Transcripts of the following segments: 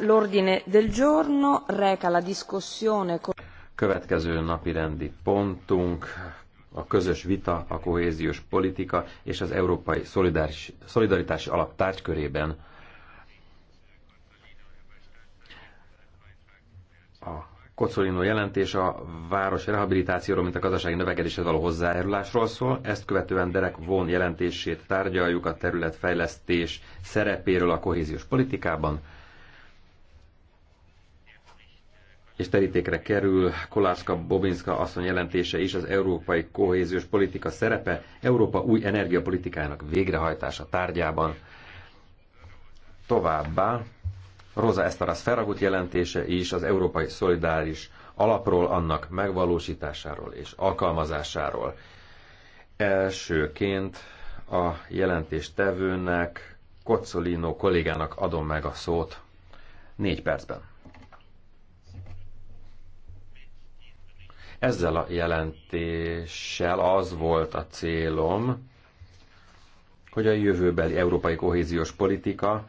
l'ordine del giorno reca la discussione Következő napirendi pontunk a közös vita, a kohéziós politika és az Európai Szolidaris, Szolidaritási Alap tárgykörében. A Kocolino jelentés a város rehabilitációról, mint a gazdasági növekedéshez való hozzájárulásról szól. Ezt követően Derek Von jelentését tárgyaljuk a területfejlesztés szerepéről a kohéziós politikában. és terítékre kerül Kolászka Bobinska asszony jelentése is az európai kohéziós politika szerepe Európa új energiapolitikájának végrehajtása tárgyában. Továbbá Rosa Estaras Ferragut jelentése is az európai szolidáris alapról, annak megvalósításáról és alkalmazásáról. Elsőként a jelentéstevőnek, Kocolino kollégának adom meg a szót négy percben. Ezzel a jelentéssel az volt a célom, hogy a jövőbeli európai kohéziós politika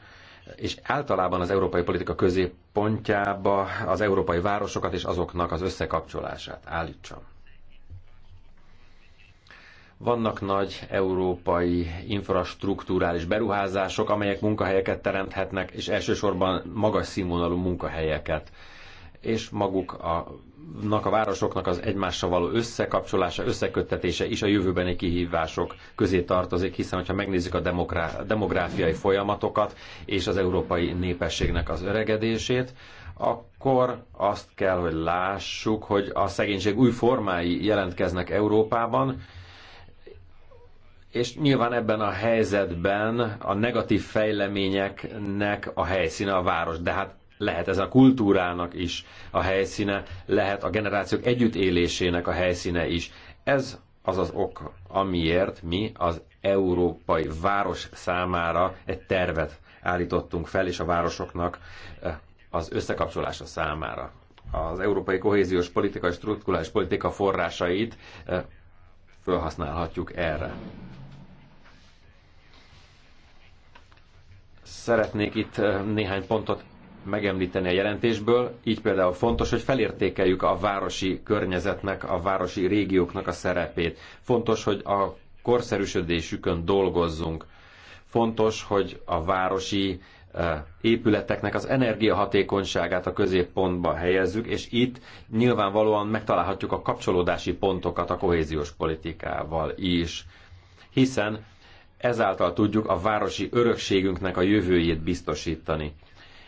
és általában az európai politika középpontjába az európai városokat és azoknak az összekapcsolását állítsam. Vannak nagy európai infrastruktúrális beruházások, amelyek munkahelyeket teremthetnek, és elsősorban magas színvonalú munkahelyeket és maguknak a városoknak az egymással való összekapcsolása, összeköttetése is a jövőbeni kihívások közé tartozik, hiszen ha megnézzük a demográfiai folyamatokat és az európai népességnek az öregedését, akkor azt kell, hogy lássuk, hogy a szegénység új formái jelentkeznek Európában, és nyilván ebben a helyzetben a negatív fejleményeknek a helyszíne a város, de hát lehet ez a kultúrának is a helyszíne, lehet a generációk együttélésének a helyszíne is. Ez az az ok, amiért mi az európai város számára egy tervet állítottunk fel, és a városoknak eh, az összekapcsolása számára. Az európai kohéziós politika és strukturális politika forrásait eh, felhasználhatjuk erre. Szeretnék itt eh, néhány pontot megemlíteni a jelentésből, így például fontos, hogy felértékeljük a városi környezetnek, a városi régióknak a szerepét. Fontos, hogy a korszerűsödésükön dolgozzunk. Fontos, hogy a városi eh, épületeknek az energiahatékonyságát a középpontba helyezzük, és itt nyilvánvalóan megtalálhatjuk a kapcsolódási pontokat a kohéziós politikával is, hiszen ezáltal tudjuk a városi örökségünknek a jövőjét biztosítani.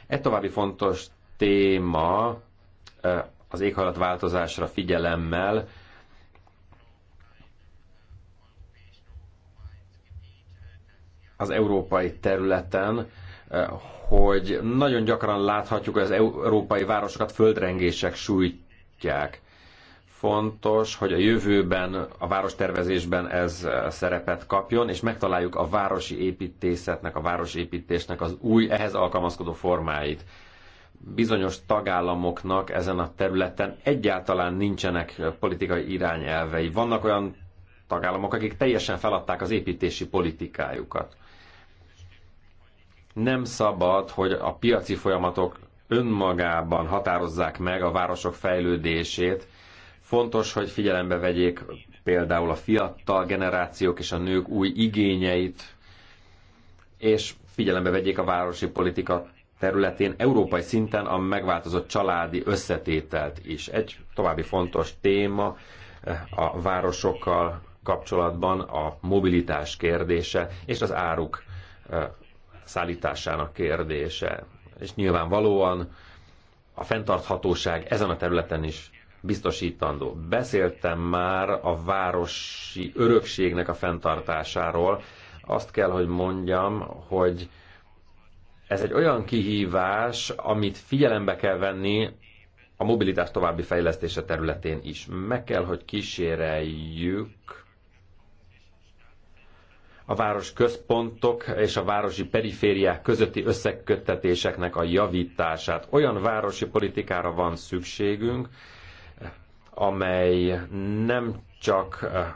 Egy további fontos téma az éghajlatváltozásra figyelemmel az európai területen, hogy nagyon gyakran láthatjuk, hogy az európai városokat földrengések sújtják fontos, hogy a jövőben, a várostervezésben ez eh, szerepet kapjon, és megtaláljuk a városi építészetnek, a városépítésnek az új, ehhez alkalmazkodó formáit. Bizonyos tagállamoknak ezen a területen egyáltalán nincsenek politikai irányelvei. Vannak olyan tagállamok, akik teljesen feladták az építési politikájukat. Nem szabad, hogy a piaci folyamatok önmagában határozzák meg a városok fejlődését, Fontos, hogy figyelembe vegyék például a fiatal generációk és a nők új igényeit, és figyelembe vegyék a városi politika területén európai szinten a megváltozott családi összetételt is. Egy további fontos téma eh, a városokkal kapcsolatban a mobilitás kérdése és az áruk eh, szállításának kérdése. És nyilvánvalóan a fenntarthatóság ezen a területen is biztosítandó. Beszéltem már a városi örökségnek a fenntartásáról. Azt kell, hogy mondjam, hogy ez egy olyan kihívás, amit figyelembe kell venni a mobilitás további fejlesztése területén is. Meg kell, hogy kíséreljük a város központok és a városi perifériák közötti összeköttetéseknek a javítását. Olyan városi politikára van szükségünk, amely nem csak eh,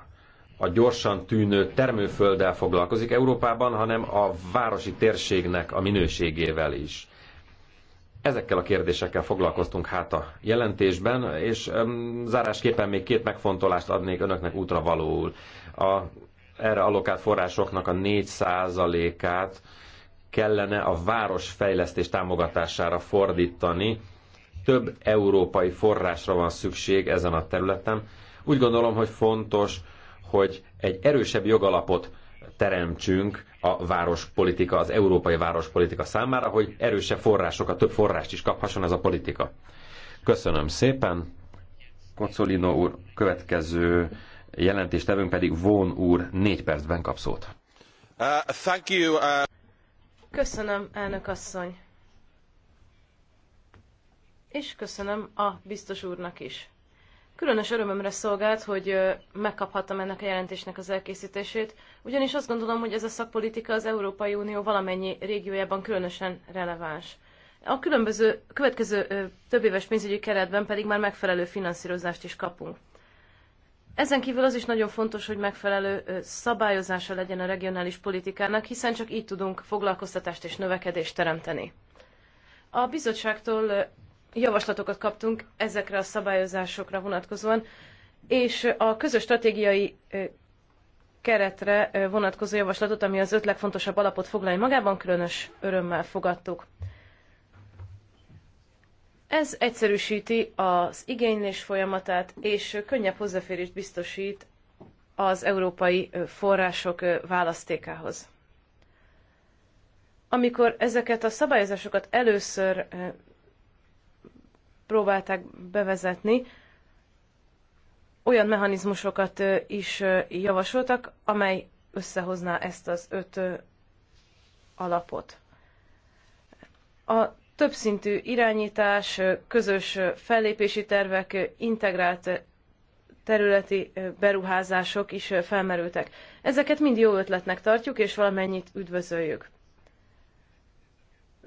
a gyorsan tűnő termőfölddel foglalkozik Európában, hanem a városi térségnek a minőségével is. Ezekkel a kérdésekkel foglalkoztunk hát a jelentésben, és um, zárásképpen még két megfontolást adnék önöknek útra valóul. A, erre allokált forrásoknak a 4%-át kellene a városfejlesztés támogatására fordítani, több európai forrásra van szükség ezen a területen. Úgy gondolom, hogy fontos, hogy egy erősebb jogalapot teremtsünk a várospolitika, az európai várospolitika számára, hogy erősebb forrásokat, több forrást is kaphasson ez a politika. Köszönöm szépen. Kocolino úr, következő jelentéstevőnk pedig Vón úr négy percben kap szót. Uh, thank you, uh... Köszönöm, elnök asszony és köszönöm a biztos úrnak is. Különös örömömre szolgált, hogy megkaphattam ennek a jelentésnek az elkészítését, ugyanis azt gondolom, hogy ez a szakpolitika az Európai Unió valamennyi régiójában különösen releváns. A különböző, következő több éves pénzügyi keretben pedig már megfelelő finanszírozást is kapunk. Ezen kívül az is nagyon fontos, hogy megfelelő szabályozása legyen a regionális politikának, hiszen csak így tudunk foglalkoztatást és növekedést teremteni. A bizottságtól javaslatokat kaptunk ezekre a szabályozásokra vonatkozóan, és a közös stratégiai keretre vonatkozó javaslatot, ami az öt legfontosabb alapot foglalja magában, különös örömmel fogadtuk. Ez egyszerűsíti az igénylés folyamatát, és könnyebb hozzáférést biztosít az európai források választékához. Amikor ezeket a szabályozásokat először próbálták bevezetni, olyan mechanizmusokat is javasoltak, amely összehozná ezt az öt alapot. A többszintű irányítás, közös fellépési tervek, integrált területi beruházások is felmerültek. Ezeket mind jó ötletnek tartjuk, és valamennyit üdvözöljük.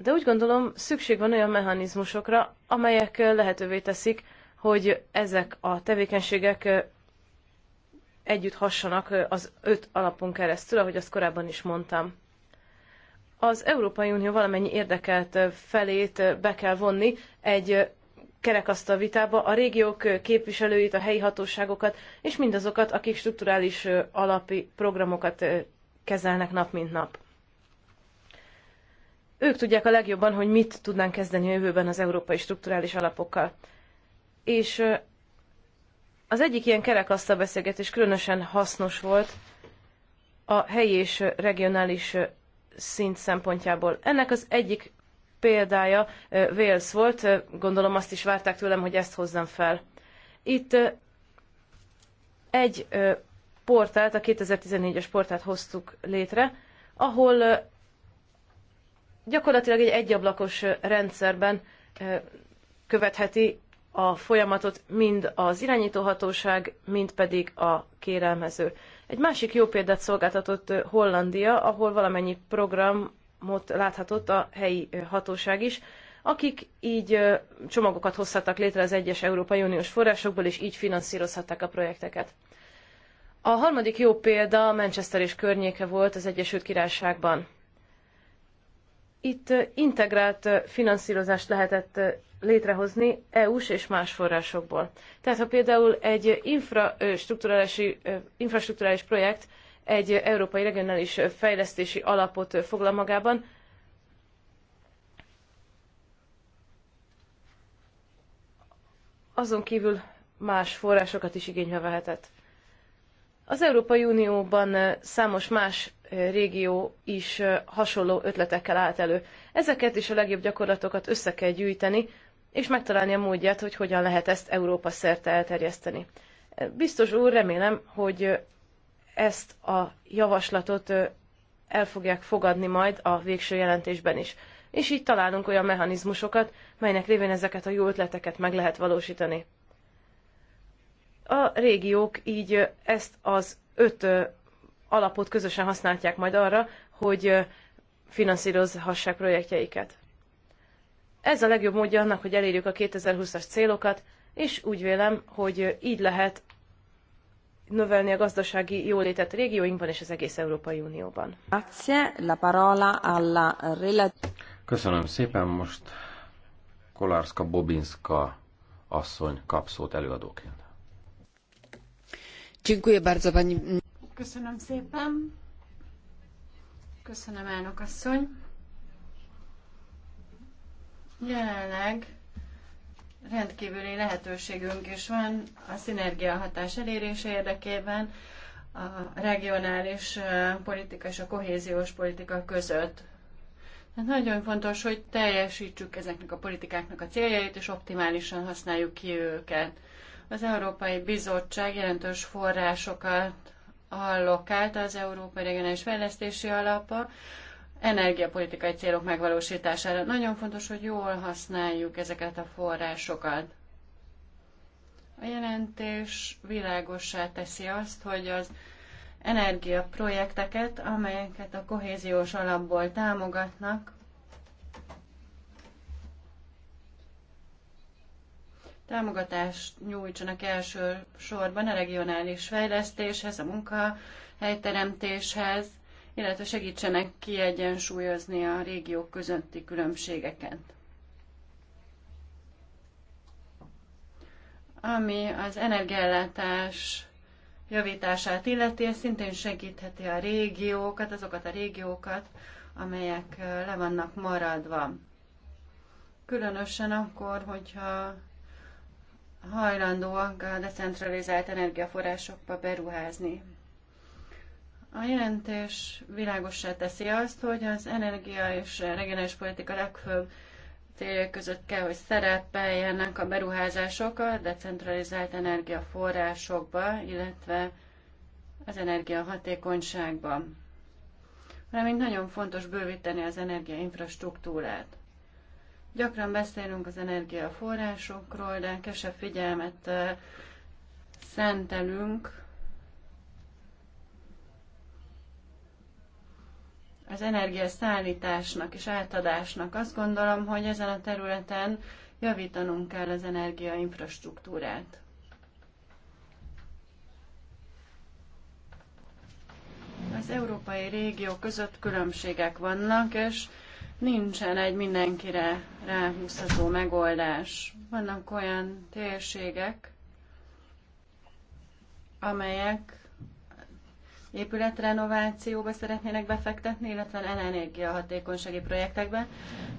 De úgy gondolom, szükség van olyan mechanizmusokra, amelyek lehetővé teszik, hogy ezek a tevékenységek együtt hassanak az öt alapon keresztül, ahogy azt korábban is mondtam. Az Európai Unió valamennyi érdekelt felét be kell vonni egy kerekasztal vitába a régiók képviselőit, a helyi hatóságokat, és mindazokat, akik strukturális alapi programokat kezelnek nap mint nap. Ők tudják a legjobban, hogy mit tudnánk kezdeni a jövőben az európai strukturális alapokkal. És az egyik ilyen kerekasztal beszélgetés különösen hasznos volt a helyi és regionális szint szempontjából. Ennek az egyik példája Wales volt, gondolom azt is várták tőlem, hogy ezt hozzam fel. Itt egy portált, a 2014-es portált hoztuk létre, ahol gyakorlatilag egy egyablakos rendszerben követheti a folyamatot mind az irányítóhatóság, mind pedig a kérelmező. Egy másik jó példát szolgáltatott Hollandia, ahol valamennyi programot láthatott a helyi hatóság is, akik így csomagokat hozhattak létre az egyes Európai Uniós forrásokból, és így finanszírozhatták a projekteket. A harmadik jó példa Manchester és környéke volt az Egyesült Királyságban. Itt integrált finanszírozást lehetett létrehozni EU-s és más forrásokból. Tehát ha például egy infrastruktúrális, projekt egy európai regionális fejlesztési alapot foglal magában, azon kívül más forrásokat is igénybe vehetett. Az Európai Unióban számos más régió is hasonló ötletekkel állt elő. Ezeket is a legjobb gyakorlatokat össze kell gyűjteni, és megtalálni a módját, hogy hogyan lehet ezt Európa szerte elterjeszteni. Biztos úr, remélem, hogy ezt a javaslatot el fogják fogadni majd a végső jelentésben is. És így találunk olyan mechanizmusokat, melynek révén ezeket a jó ötleteket meg lehet valósítani. A régiók így ezt az öt alapot közösen használhatják majd arra, hogy finanszírozhassák projektjeiket. Ez a legjobb módja annak, hogy elérjük a 2020-as célokat, és úgy vélem, hogy így lehet növelni a gazdasági jólétet régióinkban és az egész Európai Unióban. Köszönöm szépen, most Kolárska Bobinska asszony kap előadóként. Dziękuję bardzo pani Köszönöm szépen. Köszönöm, elnök asszony. Jelenleg rendkívüli lehetőségünk is van a szinergia hatás elérése érdekében a regionális politika és a kohéziós politika között. Tehát nagyon fontos, hogy teljesítsük ezeknek a politikáknak a céljait, és optimálisan használjuk ki őket. Az Európai Bizottság jelentős forrásokat allokált az Európai Regionális Fejlesztési Alapa energiapolitikai célok megvalósítására. Nagyon fontos, hogy jól használjuk ezeket a forrásokat. A jelentés világossá teszi azt, hogy az energiaprojekteket, amelyeket a kohéziós alapból támogatnak, támogatást nyújtsanak első sorban a regionális fejlesztéshez, a munkahelyteremtéshez, illetve segítsenek kiegyensúlyozni a régiók közötti különbségeket. Ami az energiállátás javítását illeti, és szintén segítheti a régiókat, azokat a régiókat, amelyek le vannak maradva. Különösen akkor, hogyha hajlandóak a decentralizált energiaforrásokba beruházni. A jelentés világosá teszi azt, hogy az energia és regionális politika legfőbb céljai között kell, hogy szerepeljenek a beruházások a decentralizált energiaforrásokba, illetve az energiahatékonyságban, valamint nagyon fontos bővíteni az energiainfrastruktúrát. Gyakran beszélünk az energiaforrásokról, de kevesebb figyelmet szentelünk az energiaszállításnak és átadásnak. Azt gondolom, hogy ezen a területen javítanunk kell az energiainfrastruktúrát. Az európai régió között különbségek vannak, és nincsen egy mindenkire ráhúzható megoldás. Vannak olyan térségek, amelyek épületrenovációba szeretnének befektetni, illetve energiahatékonysági projektekbe.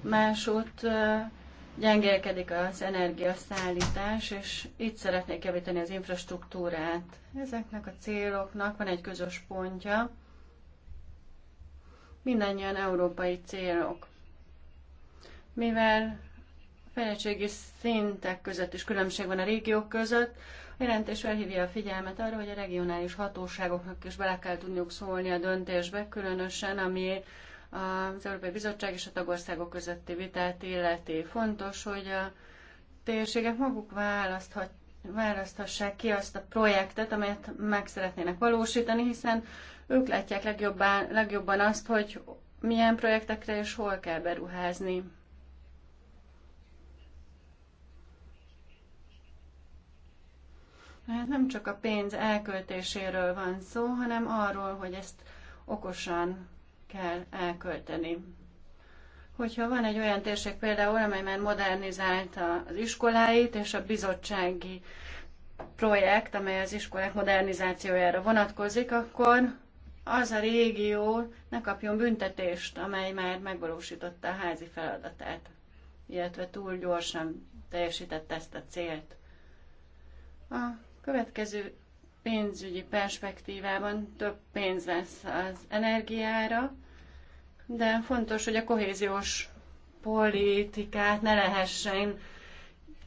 Másút gyengélkedik az energiaszállítás, és itt szeretnék javítani az infrastruktúrát. Ezeknek a céloknak van egy közös pontja, mindannyian európai célok. Mivel fejlettségi szintek között is különbség van a régiók között, a jelentés felhívja a figyelmet arra, hogy a regionális hatóságoknak is bele kell tudniuk szólni a döntésbe, különösen ami az Európai Bizottság és a tagországok közötti vitát illeti. Fontos, hogy a térségek maguk választhat, választhassák ki azt a projektet, amelyet meg szeretnének valósítani, hiszen ők látják legjobban, legjobban azt, hogy milyen projektekre és hol kell beruházni. Hát nem csak a pénz elköltéséről van szó, hanem arról, hogy ezt okosan kell elkölteni. Hogyha van egy olyan térség például, amely már modernizálta az iskoláit, és a bizottsági projekt, amely az iskolák modernizációjára vonatkozik, akkor az a régió ne kapjon büntetést, amely már megvalósította a házi feladatát, illetve túl gyorsan teljesítette ezt a célt. Következő pénzügyi perspektívában több pénz lesz az energiára, de fontos, hogy a kohéziós politikát ne lehessen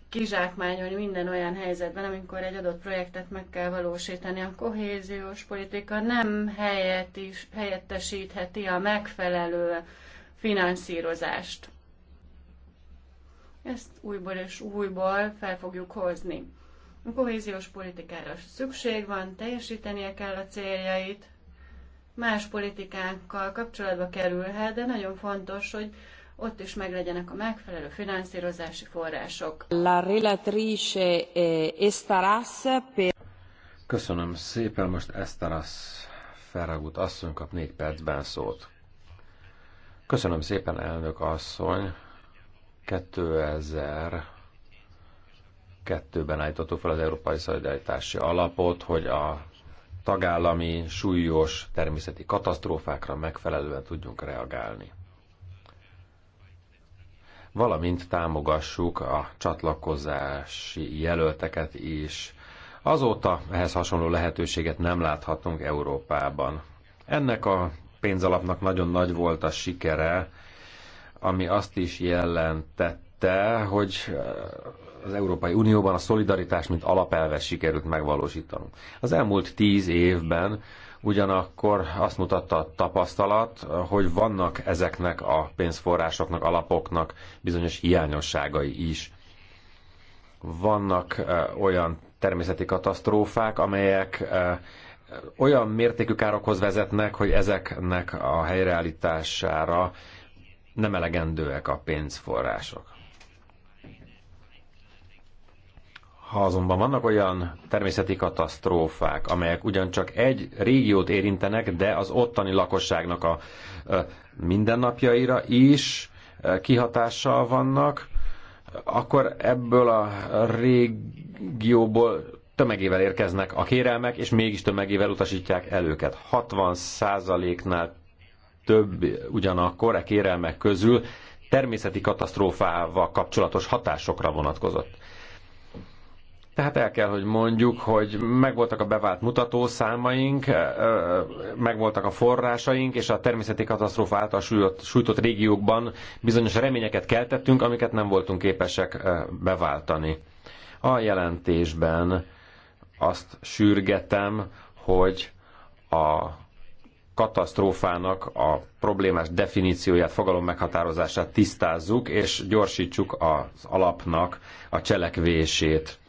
kizsákmányolni minden olyan helyzetben, amikor egy adott projektet meg kell valósítani. A kohéziós politika nem helyett is, helyettesítheti a megfelelő finanszírozást. Ezt újból és újból fel fogjuk hozni. A kohéziós politikára szükség van, teljesítenie kell a céljait, más politikákkal kapcsolatba kerülhet, de nagyon fontos, hogy ott is meglegyenek a megfelelő finanszírozási források. La relatrice eh, Estaras per... Köszönöm szépen, most Estaras Ferragut asszony kap négy percben szót. Köszönöm szépen, elnök asszony. 2000 2002-ben állítottuk fel az Európai Szolidaritási Alapot, hogy a tagállami súlyos természeti katasztrófákra megfelelően tudjunk reagálni. Valamint támogassuk a csatlakozási jelölteket is. Azóta ehhez hasonló lehetőséget nem láthatunk Európában. Ennek a pénzalapnak nagyon nagy volt a sikere, ami azt is jelentett, említette, hogy eh, az Európai Unióban a szolidaritás mint alapelve sikerült megvalósítanunk. Az elmúlt tíz évben ugyanakkor azt mutatta a tapasztalat, hogy vannak ezeknek a pénzforrásoknak, alapoknak bizonyos hiányosságai is. Vannak eh, olyan természeti katasztrófák, amelyek eh, olyan mértékű károkhoz vezetnek, hogy ezeknek a helyreállítására nem elegendőek a pénzforrások. Ha azonban vannak olyan természeti katasztrófák, amelyek ugyancsak egy régiót érintenek, de az ottani lakosságnak a mindennapjaira is kihatással vannak, akkor ebből a régióból tömegével érkeznek a kérelmek, és mégis tömegével utasítják el őket. 60%-nál több ugyanakkor a e kérelmek közül természeti katasztrófával kapcsolatos hatásokra vonatkozott. Tehát el kell, hogy mondjuk, hogy megvoltak a bevált mutatószámaink, megvoltak a forrásaink, és a természeti katasztrófa által sújtott, sújtott régiókban bizonyos reményeket keltettünk, amiket nem voltunk képesek beváltani. A jelentésben azt sürgetem, hogy a katasztrófának a problémás definícióját, fogalom meghatározását tisztázzuk, és gyorsítsuk az alapnak a cselekvését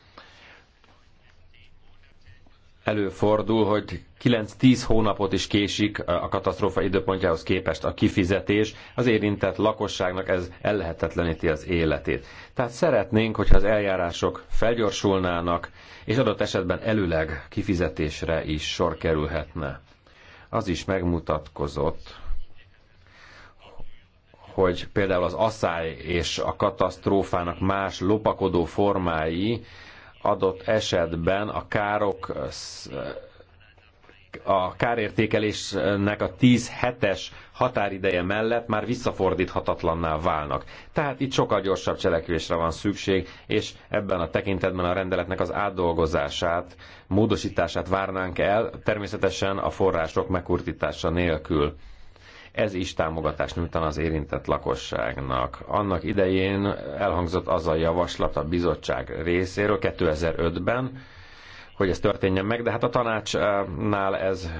előfordul, hogy 9-10 hónapot is késik a katasztrófa időpontjához képest a kifizetés, az érintett lakosságnak ez ellehetetleníti az életét. Tehát szeretnénk, hogyha az eljárások felgyorsulnának, és adott esetben előleg kifizetésre is sor kerülhetne. Az is megmutatkozott, hogy például az asszály és a katasztrófának más lopakodó formái adott esetben a károk a kárértékelésnek a 10 hetes határideje mellett már visszafordíthatatlanná válnak. Tehát itt sokkal gyorsabb cselekvésre van szükség, és ebben a tekintetben a rendeletnek az átdolgozását, módosítását várnánk el, természetesen a források megkurtítása nélkül. Ez is támogatást nyújtan az érintett lakosságnak. Annak idején elhangzott az a javaslat a bizottság részéről 2005-ben, hogy ez történjen meg, de hát a tanácsnál ez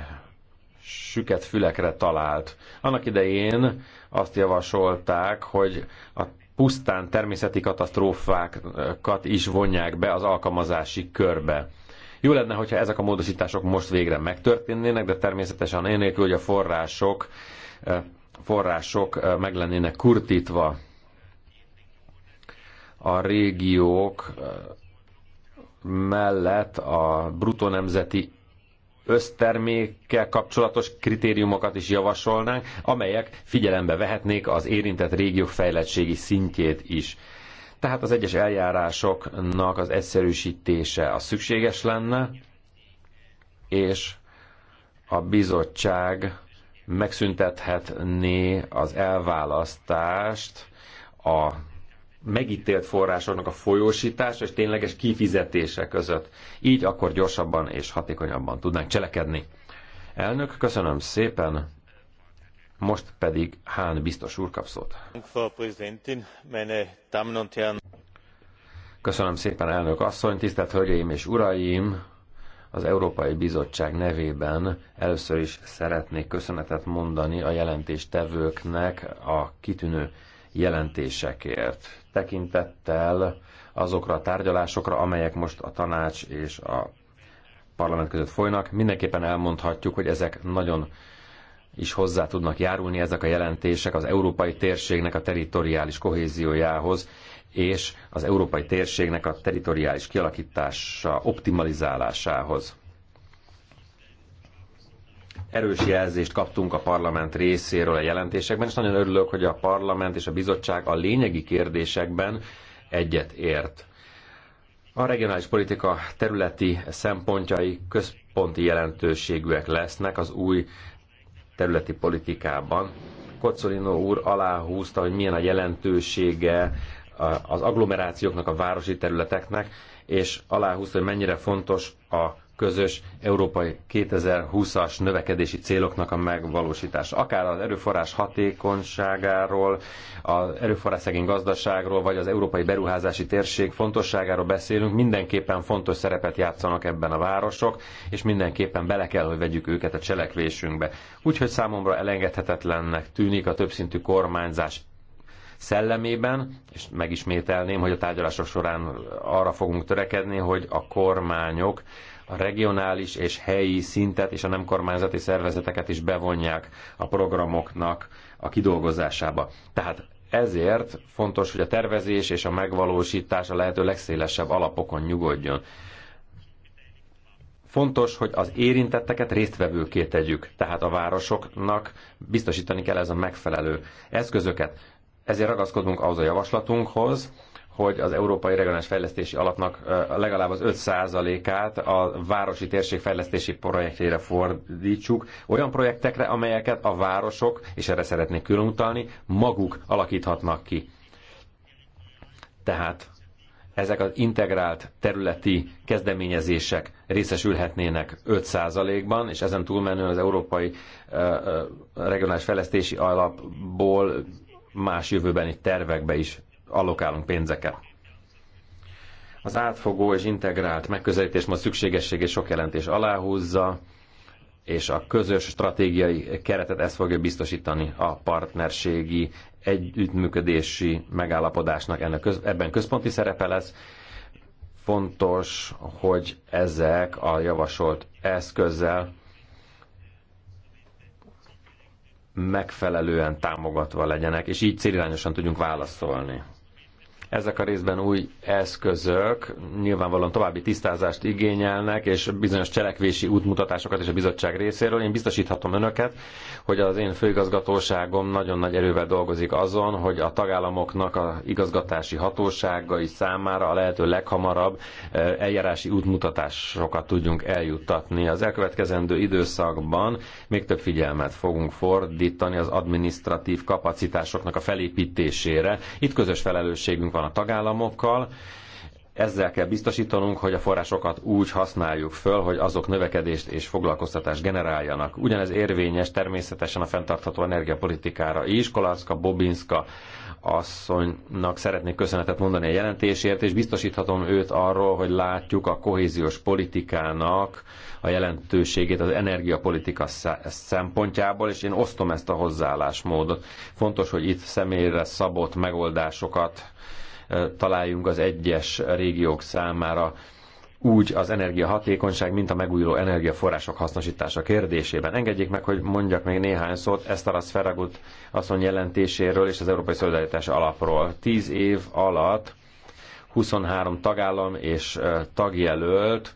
süket fülekre talált. Annak idején azt javasolták, hogy a pusztán természeti katasztrófákat is vonják be az alkalmazási körbe. Jó lenne, hogyha ezek a módosítások most végre megtörténnének, de természetesen enélkül, hogy a források források meg lennének kurtítva. A régiók mellett a brutó nemzeti össztermékkel kapcsolatos kritériumokat is javasolnánk, amelyek figyelembe vehetnék az érintett régiók fejlettségi szintjét is. Tehát az egyes eljárásoknak az egyszerűsítése a szükséges lenne, és a bizottság megszüntethetné az elválasztást a megítélt forrásoknak a folyósítása és tényleges kifizetése között. Így akkor gyorsabban és hatékonyabban tudnánk cselekedni. Elnök, köszönöm szépen, most pedig Hán biztos úr kap szót. Köszönöm szépen, elnök asszony, tisztelt hölgyeim és uraim, az Európai Bizottság nevében először is szeretnék köszönetet mondani a jelentéstevőknek a kitűnő jelentésekért. Tekintettel azokra a tárgyalásokra, amelyek most a tanács és a parlament között folynak, mindenképpen elmondhatjuk, hogy ezek nagyon is hozzá tudnak járulni ezek a jelentések az európai térségnek a teritoriális kohéziójához, és az európai térségnek a teritoriális kialakítása, optimalizálásához. Erős jelzést kaptunk a parlament részéről a jelentésekben, és nagyon örülök, hogy a parlament és a bizottság a lényegi kérdésekben egyet ért. A regionális politika területi szempontjai központi jelentőségűek lesznek az új területi politikában. Kocolino úr aláhúzta, hogy milyen a jelentősége az agglomerációknak, a városi területeknek, és aláhúz, hogy mennyire fontos a közös európai 2020-as növekedési céloknak a megvalósítása. Akár az erőforrás hatékonyságáról, az erőforrás szegény gazdaságról, vagy az európai beruházási térség fontosságáról beszélünk, mindenképpen fontos szerepet játszanak ebben a városok, és mindenképpen bele kell, hogy vegyük őket a cselekvésünkbe. Úgyhogy számomra elengedhetetlennek tűnik a többszintű kormányzás szellemében, és megismételném, hogy a tárgyalások során arra fogunk törekedni, hogy a kormányok a regionális és helyi szintet és a nem kormányzati szervezeteket is bevonják a programoknak a kidolgozásába. Tehát ezért fontos, hogy a tervezés és a megvalósítás a lehető legszélesebb alapokon nyugodjon. Fontos, hogy az érintetteket résztvevőké tegyük, tehát a városoknak biztosítani kell ez a megfelelő eszközöket, ezért ragaszkodunk ahhoz a javaslatunkhoz, hogy az Európai Regionális Fejlesztési Alapnak legalább az 5%-át a városi térségfejlesztési projektjére fordítsuk, olyan projektekre, amelyeket a városok, és erre szeretnék külön maguk alakíthatnak ki. Tehát ezek az integrált területi kezdeményezések részesülhetnének 5%-ban, és ezen túlmenően az Európai Regionális Fejlesztési Alapból más jövőbeni tervekbe is allokálunk pénzeket. Az átfogó és integrált megközelítés ma szükségességét sok jelentés aláhúzza, és a közös stratégiai keretet ezt fogja biztosítani a partnerségi, együttműködési megállapodásnak. Ennek köz, ebben központi szerepe lesz. Fontos, hogy ezek a javasolt eszközzel megfelelően támogatva legyenek, és így célirányosan tudjunk válaszolni. Ezek a részben új eszközök nyilvánvalóan további tisztázást igényelnek, és bizonyos cselekvési útmutatásokat is a bizottság részéről. Én biztosíthatom önöket, hogy az én főigazgatóságom nagyon nagy erővel dolgozik azon, hogy a tagállamoknak a igazgatási hatóságai számára a lehető leghamarabb eh, eljárási útmutatásokat tudjunk eljuttatni. Az elkövetkezendő időszakban még több figyelmet fogunk fordítani az administratív kapacitásoknak a felépítésére. Itt közös felelősségünk van a tagállamokkal. Ezzel kell biztosítanunk, hogy a forrásokat úgy használjuk föl, hogy azok növekedést és foglalkoztatást generáljanak. Ugyanez érvényes természetesen a fenntartható energiapolitikára is. Kolarska, Bobinska asszonynak szeretnék köszönetet mondani a jelentésért, és biztosíthatom őt arról, hogy látjuk a kohéziós politikának a jelentőségét az energiapolitika szempontjából, és én osztom ezt a hozzáállásmódot. Fontos, hogy itt személyre szabott megoldásokat találjunk az egyes régiók számára úgy az energiahatékonyság, mint a megújuló energiaforrások hasznosítása kérdésében. Engedjék meg, hogy mondjak még néhány szót a Ferragut asszony jelentéséről és az Európai Szolidaritás Alapról. Tíz év alatt 23 tagállam és tagjelölt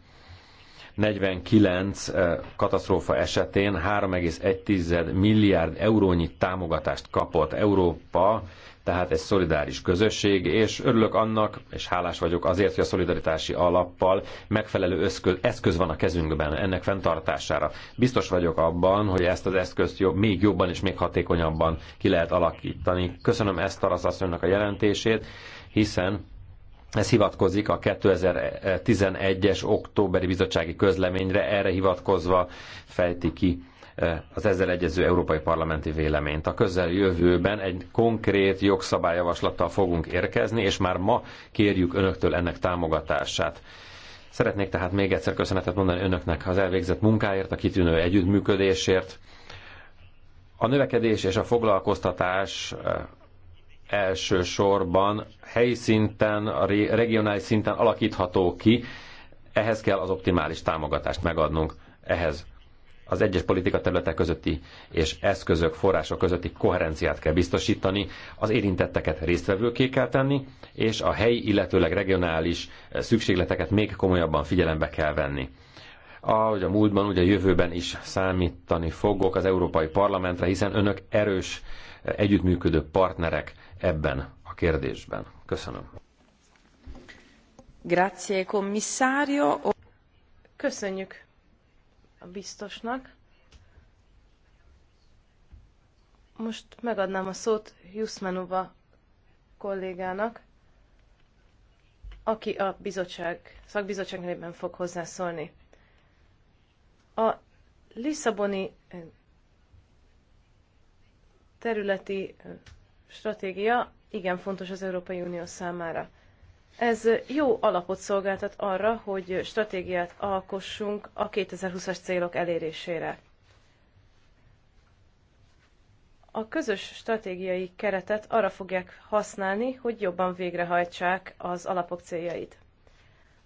49 katasztrófa esetén 3,1 milliárd eurónyi támogatást kapott Európa tehát egy szolidáris közösség, és örülök annak, és hálás vagyok azért, hogy a szolidaritási alappal megfelelő eszköz, eszköz van a kezünkben ennek fenntartására. Biztos vagyok abban, hogy ezt az eszközt jobb, még jobban és még hatékonyabban ki lehet alakítani. Köszönöm ezt Tarasz asszonynak a jelentését, hiszen ez hivatkozik a 2011-es októberi bizottsági közleményre, erre hivatkozva fejti ki E, az ezzel egyező európai parlamenti véleményt. A közeljövőben egy konkrét jogszabályjavaslattal fogunk érkezni, és már ma kérjük önöktől ennek támogatását. Szeretnék tehát még egyszer köszönetet mondani önöknek az elvégzett munkáért, a kitűnő együttműködésért. A növekedés és a foglalkoztatás e, elsősorban helyi szinten, a regionális szinten alakítható ki, ehhez kell az optimális támogatást megadnunk. Ehhez az egyes politika területek közötti és eszközök, források közötti koherenciát kell biztosítani, az érintetteket résztvevőké kell tenni, és a helyi, illetőleg regionális eh, szükségleteket még komolyabban figyelembe kell venni. Ahogy a múltban, ugye a jövőben is számítani fogok az Európai Parlamentre, hiszen önök erős eh, együttműködő partnerek ebben a kérdésben. Köszönöm. Grazie, commissario. Köszönjük a biztosnak. Most megadnám a szót Jusmenova kollégának, aki a bizottság, szakbizottság nevében fog hozzászólni. A Lisszaboni eh, területi eh, stratégia igen fontos az Európai Unió számára. Ez jó alapot szolgáltat arra, hogy stratégiát alkossunk a 2020-as célok elérésére. A közös stratégiai keretet arra fogják használni, hogy jobban végrehajtsák az alapok céljait.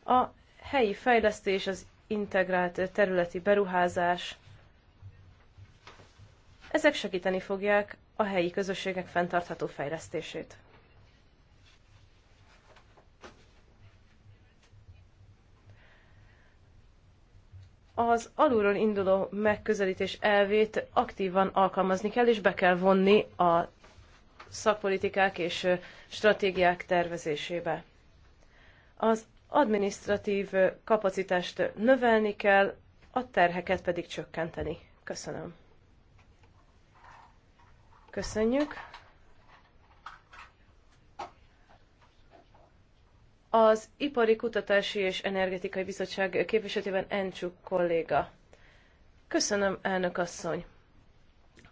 A helyi fejlesztés, az integrált területi beruházás, ezek segíteni fogják a helyi közösségek fenntartható fejlesztését. az alulról induló megközelítés elvét aktívan alkalmazni kell, és be kell vonni a szakpolitikák és stratégiák tervezésébe. Az administratív kapacitást növelni kell, a terheket pedig csökkenteni. Köszönöm. Köszönjük. az Ipari Kutatási és Energetikai Bizottság képviseletében Encsuk kolléga. Köszönöm, elnök asszony!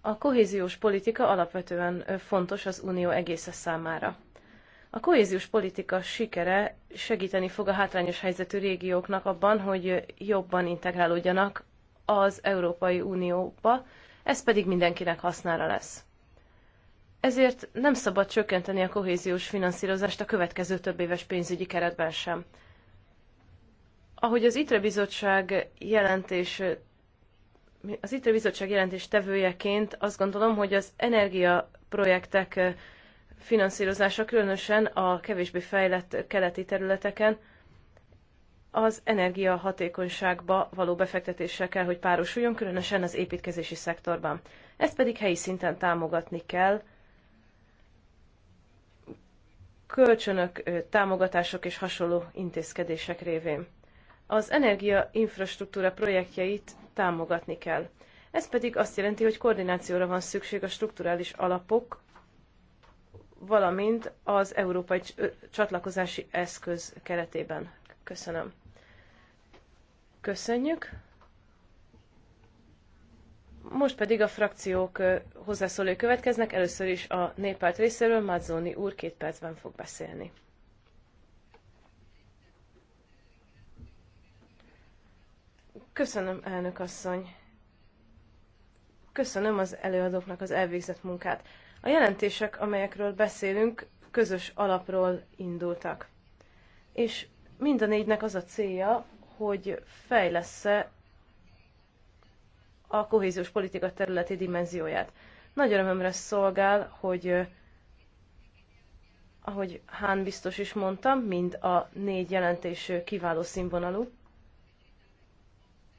A kohéziós politika alapvetően fontos az Unió egésze számára. A kohéziós politika sikere segíteni fog a hátrányos helyzetű régióknak abban, hogy jobban integrálódjanak az Európai Unióba, ez pedig mindenkinek hasznára lesz ezért nem szabad csökkenteni a kohéziós finanszírozást a következő több éves pénzügyi keretben sem. Ahogy az ITRE bizottság jelentés az ITRE bizottság jelentés tevőjeként azt gondolom, hogy az energiaprojektek finanszírozása különösen a kevésbé fejlett keleti területeken az energiahatékonyságba való befektetéssel kell, hogy párosuljon, különösen az építkezési szektorban. Ezt pedig helyi szinten támogatni kell, kölcsönök, támogatások és hasonló intézkedések révén. Az energia infrastruktúra projektjeit támogatni kell. Ez pedig azt jelenti, hogy koordinációra van szükség a strukturális alapok, valamint az európai csatlakozási eszköz keretében. Köszönöm. Köszönjük. Most pedig a frakciók hozzászólói következnek. Először is a néppárt részéről Mazzoni úr két percben fog beszélni. Köszönöm, elnök asszony. Köszönöm az előadóknak az elvégzett munkát. A jelentések, amelyekről beszélünk, közös alapról indultak. És mind a négynek az a célja, hogy fejlesz a kohéziós politika területi dimenzióját. Nagy örömömre szolgál, hogy ahogy Hán biztos is mondtam, mind a négy jelentés kiváló színvonalú,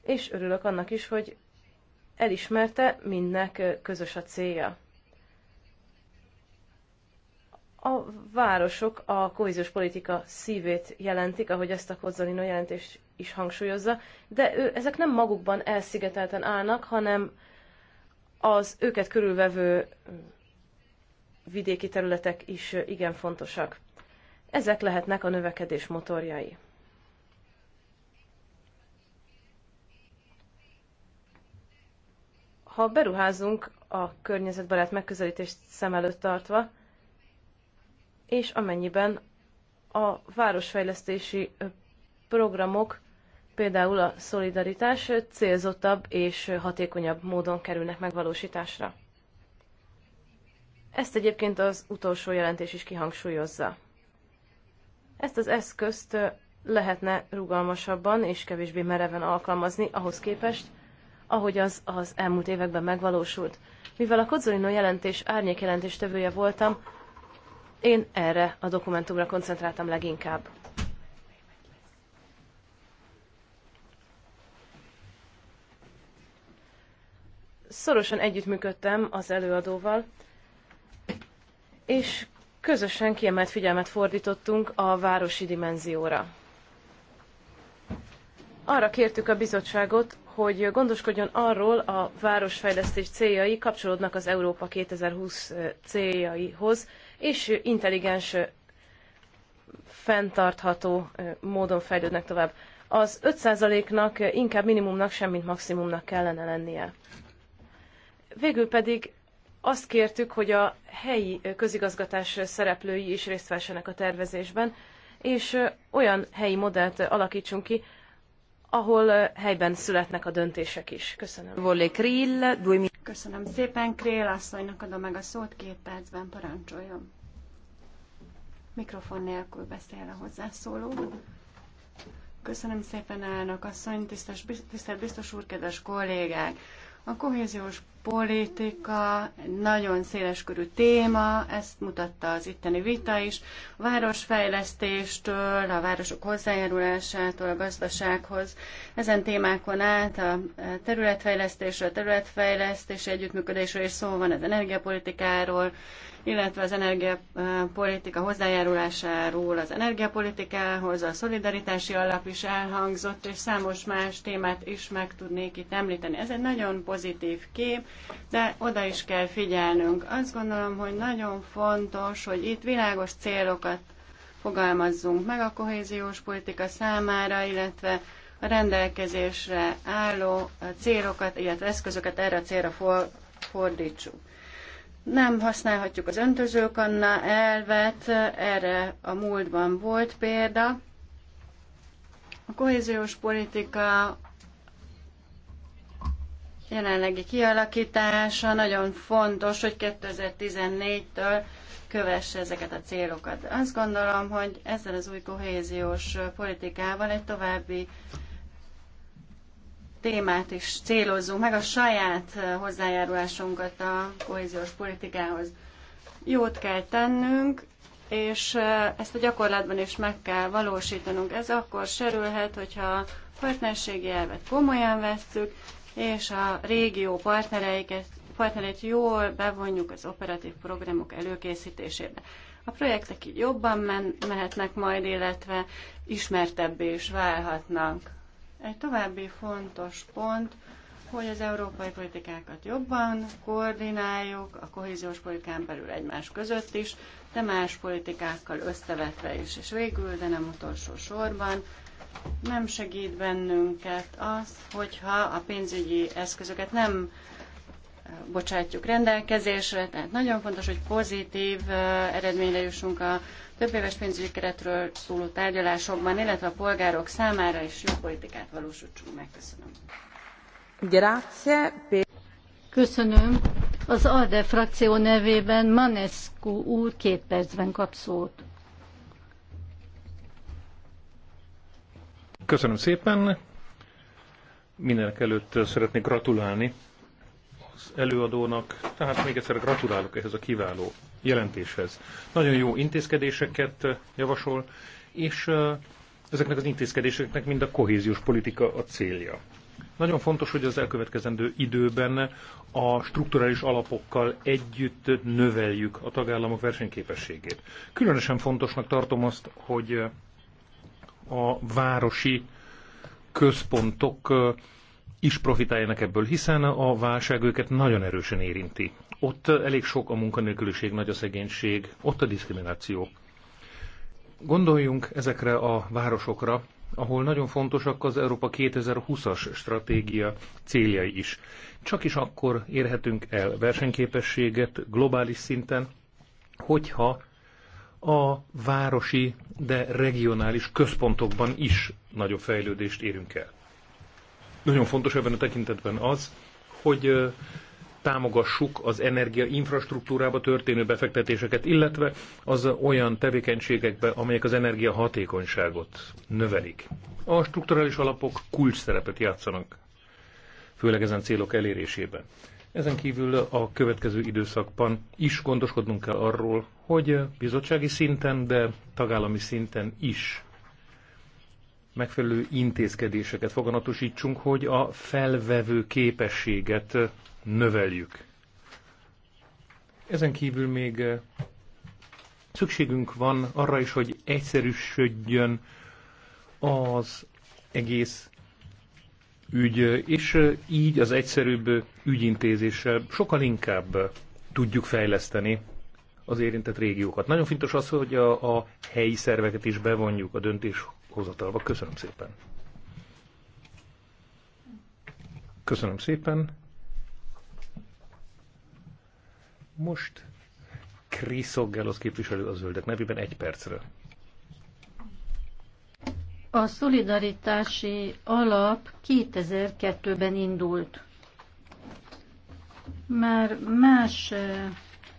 és örülök annak is, hogy elismerte, mindnek közös a célja. A városok a kohéziós politika szívét jelentik, ahogy ezt a Kozzolino jelentés is hangsúlyozza, de ő, ezek nem magukban elszigetelten állnak, hanem az őket körülvevő vidéki területek is igen fontosak. Ezek lehetnek a növekedés motorjai. Ha beruházunk a környezetbarát megközelítést szem előtt tartva, és amennyiben a városfejlesztési programok például a szolidaritás célzottabb és hatékonyabb módon kerülnek megvalósításra. Ezt egyébként az utolsó jelentés is kihangsúlyozza. Ezt az eszközt lehetne rugalmasabban és kevésbé mereven alkalmazni ahhoz képest, ahogy az az elmúlt években megvalósult. Mivel a Kodzolino jelentés árnyék tevője voltam, én erre a dokumentumra koncentráltam leginkább. szorosan együttműködtem az előadóval, és közösen kiemelt figyelmet fordítottunk a városi dimenzióra. Arra kértük a bizottságot, hogy gondoskodjon arról, a városfejlesztés céljai kapcsolódnak az Európa 2020 céljaihoz, és intelligens, fenntartható módon fejlődnek tovább. Az 5%-nak inkább minimumnak, semmint maximumnak kellene lennie. Végül pedig azt kértük, hogy a helyi közigazgatás szereplői is részt vessenek a tervezésben, és olyan helyi modellt alakítsunk ki, ahol helyben születnek a döntések is. Köszönöm. Volé Krill, Köszönöm szépen, Krill asszonynak adom meg a szót, két percben parancsoljon. Mikrofon nélkül beszél a hozzászóló. Köszönöm szépen, elnök asszony, tisztes, tisztelt biztos úr, kedves kollégák! A kohéziós politika nagyon széleskörű téma, ezt mutatta az itteni vita is. A városfejlesztéstől, a városok hozzájárulásától, a gazdasághoz, ezen témákon át a területfejlesztésről, a területfejlesztési együttműködésről is szó van, az energiapolitikáról, illetve az energiapolitika hozzájárulásáról az energiapolitikához, a szolidaritási alap is elhangzott, és számos más témát is meg tudnék itt említeni. Ez egy nagyon pozitív kép, de oda is kell figyelnünk. Azt gondolom, hogy nagyon fontos, hogy itt világos célokat fogalmazzunk meg a kohéziós politika számára, illetve a rendelkezésre álló célokat, illetve eszközöket erre a célra fordítsuk. Nem használhatjuk az öntözőkanna elvet, erre a múltban volt példa. A kohéziós politika jelenlegi kialakítása nagyon fontos, hogy 2014-től kövesse ezeket a célokat. Azt gondolom, hogy ezzel az új kohéziós politikával egy további témát is célozzunk meg, a saját eh, hozzájárulásunkat a kohéziós politikához. Jót kell tennünk, és eh, ezt a gyakorlatban is meg kell valósítanunk. Ez akkor serülhet, hogyha a partnerségi elvet komolyan vesszük, és a régió partnereiket, partnereit jól bevonjuk az operatív programok előkészítésébe. A projektek így jobban men- mehetnek majd, illetve ismertebbé is válhatnak. Egy további fontos pont, hogy az európai politikákat jobban koordináljuk, a kohéziós politikán belül egymás között is, de más politikákkal összevetve is. És végül, de nem utolsó sorban, nem segít bennünket az, hogyha a pénzügyi eszközöket nem eh, bocsátjuk rendelkezésre, tehát nagyon fontos, hogy pozitív eh, eredményre jussunk a több éves pénzügyi keretről szóló tárgyalásokban, illetve a polgárok számára is jó politikát valósítsunk meg. Köszönöm. Grazie. Köszönöm. Az ALDE frakció nevében Manescu úr két percben kap szót. Köszönöm szépen. Mindenek előtt szeretnék gratulálni az előadónak, tehát még egyszer gratulálok ehhez a kiváló jelentéshez. Nagyon jó intézkedéseket javasol, és ezeknek az intézkedéseknek mind a kohéziós politika a célja. Nagyon fontos, hogy az elkövetkezendő időben a strukturális alapokkal együtt növeljük a tagállamok versenyképességét. Különösen fontosnak tartom azt, hogy a városi központok is profitáljanak ebből, hiszen a válság őket nagyon erősen érinti. Ott elég sok a munkanélküliség, nagy a szegénység, ott a diszkrimináció. Gondoljunk ezekre a városokra, ahol nagyon fontosak az Európa 2020-as stratégia céljai is. Csak is akkor érhetünk el versenyképességet globális szinten, hogyha a városi, de regionális központokban is nagyobb fejlődést érünk el. Nagyon fontos ebben a tekintetben az, hogy támogassuk az energia infrastruktúrába történő befektetéseket, illetve az olyan tevékenységekbe, amelyek az energia hatékonyságot növelik. A strukturális alapok kulcs szerepet játszanak, főleg ezen célok elérésében. Ezen kívül a következő időszakban is gondoskodnunk kell arról, hogy bizottsági szinten, de tagállami szinten is megfelelő intézkedéseket foganatosítsunk, hogy a felvevő képességet növeljük. Ezen kívül még eh, szükségünk van arra is, hogy egyszerűsödjön az egész ügy, és eh, így az egyszerűbb ügyintézéssel sokkal inkább eh, tudjuk fejleszteni az érintett régiókat. Nagyon fontos az, hogy a, a helyi szerveket is bevonjuk a döntéshozatalba. Köszönöm szépen. Köszönöm szépen. Most Kriszoggelosz képviselő a zöldek nevében egy percre. A szolidaritási alap 2002-ben indult. Már más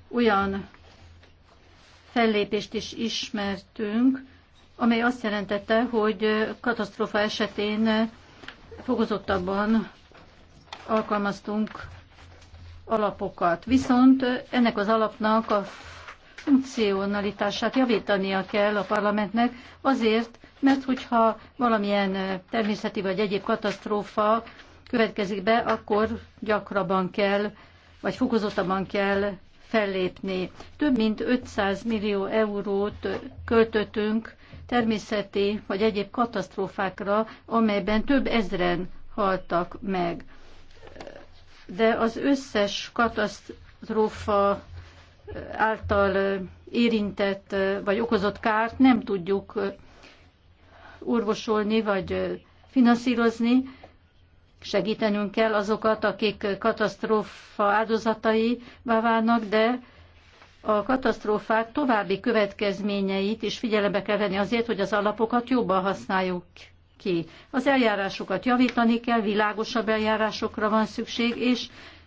olyan fellépést is ismertünk, amely azt jelentette, hogy katasztrófa esetén fokozottabban alkalmaztunk alapokat. Viszont ennek az alapnak a funkcionalitását javítania kell a parlamentnek azért, mert hogyha valamilyen természeti vagy egyéb katasztrófa következik be, akkor gyakrabban kell, vagy fokozottabban kell fellépni. Több mint 500 millió eurót költöttünk természeti vagy egyéb katasztrófákra, amelyben több ezren haltak meg de az összes katasztrófa által érintett vagy okozott kárt nem tudjuk orvosolni vagy finanszírozni. Segítenünk kell azokat, akik katasztrófa áldozatai válnak, de a katasztrófák további következményeit is figyelembe kell venni azért, hogy az alapokat jobban használjuk ki. Az eljárásokat javítani kell, világosabb eljárásokra van szükség, és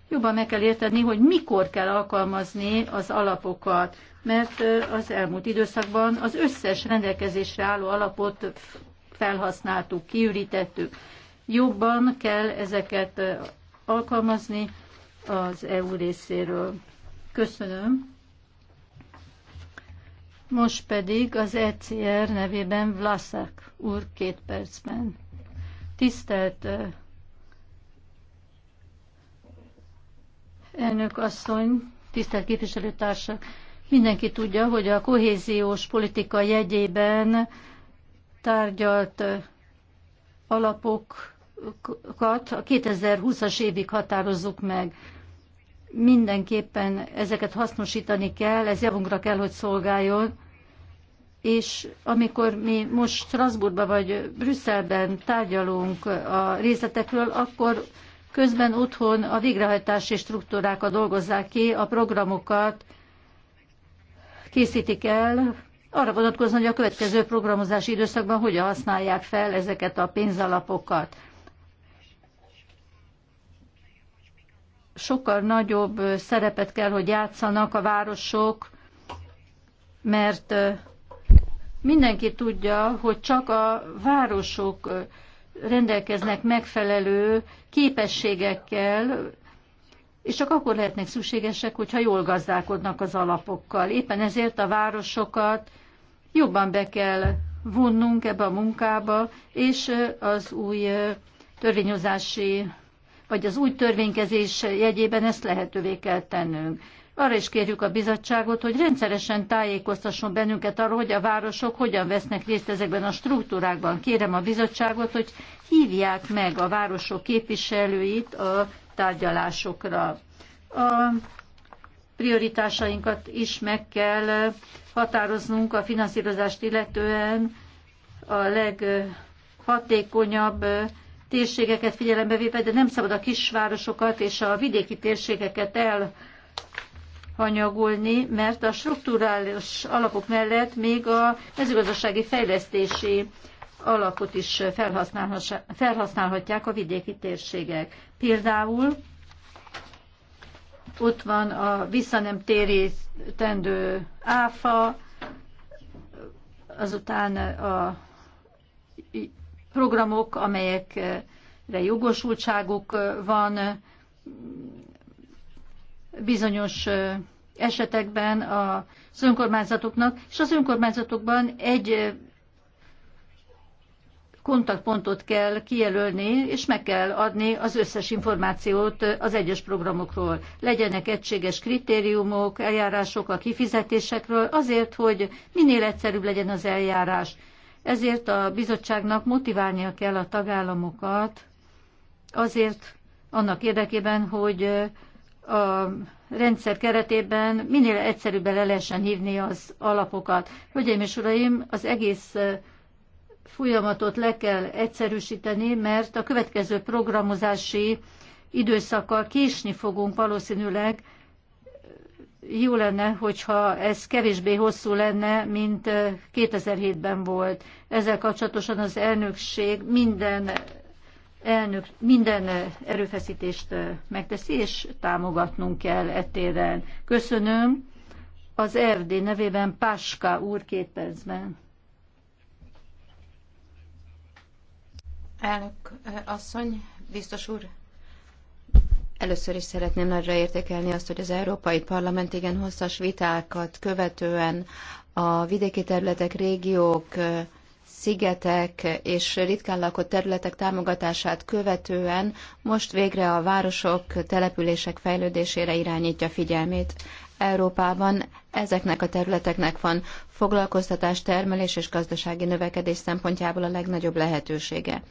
jobban meg kell érteni, hogy mikor kell alkalmazni az alapokat, mert az elmúlt időszakban az összes rendelkezésre álló alapot felhasználtuk, kiürítettük. Jobban kell ezeket alkalmazni az EU részéről. Köszönöm. Most pedig az ECR nevében Vlaszak úr két percben. Tisztelt elnök asszony, tisztelt képviselőtársak! Mindenki tudja, hogy a kohéziós politika jegyében tárgyalt alapokat a 2020-as évig határozzuk meg mindenképpen ezeket hasznosítani kell, ez javunkra kell, hogy szolgáljon, és amikor mi most Strasbourgban vagy Brüsszelben tárgyalunk a részletekről, akkor közben otthon a végrehajtási struktúrákat dolgozzák ki, a programokat készítik el, arra vonatkozóan, hogy a következő programozási időszakban hogyan használják fel ezeket a pénzalapokat. sokkal nagyobb szerepet kell, hogy játszanak a városok, mert mindenki tudja, hogy csak a városok rendelkeznek megfelelő képességekkel, és csak akkor lehetnek szükségesek, hogyha jól gazdálkodnak az alapokkal. Éppen ezért a városokat jobban be kell vonnunk ebbe a munkába, és az új törvényozási vagy az új törvénykezés jegyében ezt lehetővé kell tennünk. Arra is kérjük a bizottságot, hogy rendszeresen tájékoztasson bennünket arról, hogy a városok hogyan vesznek részt ezekben a struktúrákban. Kérem a bizottságot, hogy hívják meg a városok képviselőit a tárgyalásokra. A prioritásainkat is meg kell határoznunk a finanszírozást illetően a leghatékonyabb térségeket figyelembe véve, de nem szabad a kisvárosokat és a vidéki térségeket elhanyagolni, mert a strukturális alapok mellett még a mezőgazdasági fejlesztési alapot is felhasználhatják a vidéki térségek. Például ott van a visszanemtérítendő áfa, azután a programok, amelyekre jogosultságuk van, bizonyos esetekben az önkormányzatoknak, és az önkormányzatokban egy kontaktpontot kell kijelölni, és meg kell adni az összes információt az egyes programokról. Legyenek egységes kritériumok, eljárások a kifizetésekről, azért, hogy minél egyszerűbb legyen az eljárás, ezért a bizottságnak motiválnia kell a tagállamokat azért annak érdekében, hogy a rendszer keretében minél egyszerűbben le lehessen hívni az alapokat. Hölgyeim és uraim, az egész folyamatot le kell egyszerűsíteni, mert a következő programozási időszakkal késni fogunk valószínűleg, jó lenne, hogyha ez kevésbé hosszú lenne, mint 2007-ben volt. Ezzel kapcsolatosan az elnökség minden, elnök, minden erőfeszítést megteszi, és támogatnunk kell ettéren. Köszönöm. Az RD nevében Páska úr két percben. Elnök asszony, biztos úr, Először is szeretném nagyra értékelni azt, hogy az Európai Parlament igen hosszas vitákat követően a vidéki területek, régiók, szigetek és ritkán lakott területek támogatását követően most végre a városok, települések fejlődésére irányítja figyelmét. Európában ezeknek a területeknek van foglalkoztatás, termelés és gazdasági növekedés szempontjából a legnagyobb lehetősége.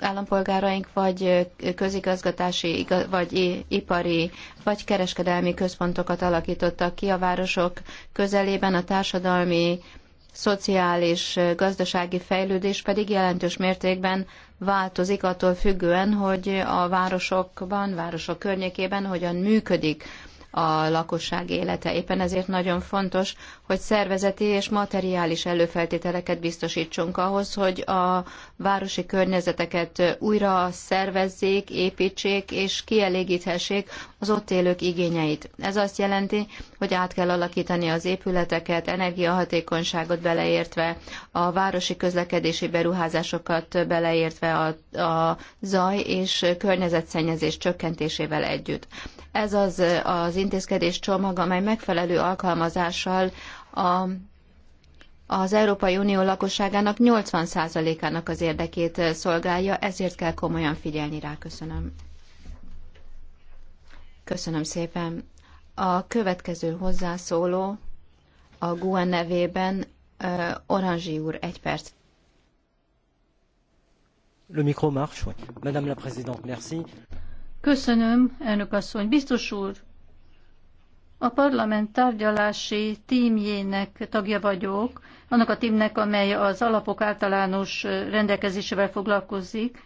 állampolgáraink vagy közigazgatási, vagy ipari, vagy kereskedelmi központokat alakítottak ki a városok közelében a társadalmi szociális, gazdasági fejlődés pedig jelentős mértékben változik attól függően, hogy a városokban, városok környékében hogyan működik a lakosság élete. Éppen ezért nagyon fontos, hogy szervezeti és materiális előfeltételeket biztosítsunk ahhoz, hogy a városi környezeteket újra szervezzék, építsék és kielégíthessék az ott élők igényeit. Ez azt jelenti, hogy át kell alakítani az épületeket, energiahatékonyságot beleértve, a városi közlekedési beruházásokat beleértve a, a zaj és környezetszennyezés csökkentésével együtt. Ez az az intézkedés csomag, amely megfelelő alkalmazással a az Európai Unió lakosságának 80%-ának az érdekét szolgálja, ezért kell komolyan figyelni rá. Köszönöm. Köszönöm szépen. A következő hozzászóló a GUE nevében Oranzsi úr, egy perc. Le micro marche, oui. Madame la Présidente, merci. Köszönöm, elnök asszony. Biztos úr, a parlament tárgyalási tímjének tagja vagyok, annak a tímnek, amely az alapok általános rendelkezésével foglalkozik.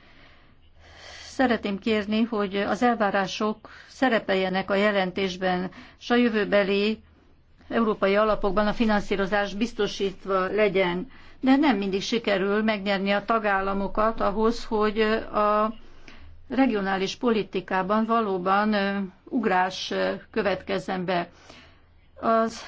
Szeretném kérni, hogy az elvárások szerepeljenek a jelentésben, s a jövőbeli európai alapokban a finanszírozás biztosítva legyen. De nem mindig sikerül megnyerni a tagállamokat ahhoz, hogy a regionális politikában valóban ugrás következzen be. Az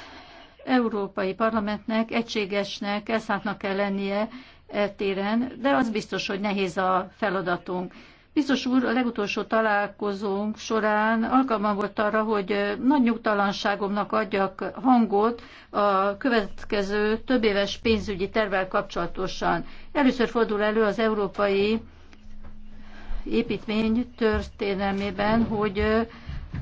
Európai Parlamentnek egységesnek, elszántnak kell lennie e téren, de az biztos, hogy nehéz a feladatunk. Biztos úr, a legutolsó találkozónk során alkalmam volt arra, hogy nagy nyugtalanságomnak adjak hangot a következő több éves pénzügyi tervvel kapcsolatosan. Először fordul elő az Európai építmény történelmében, hogy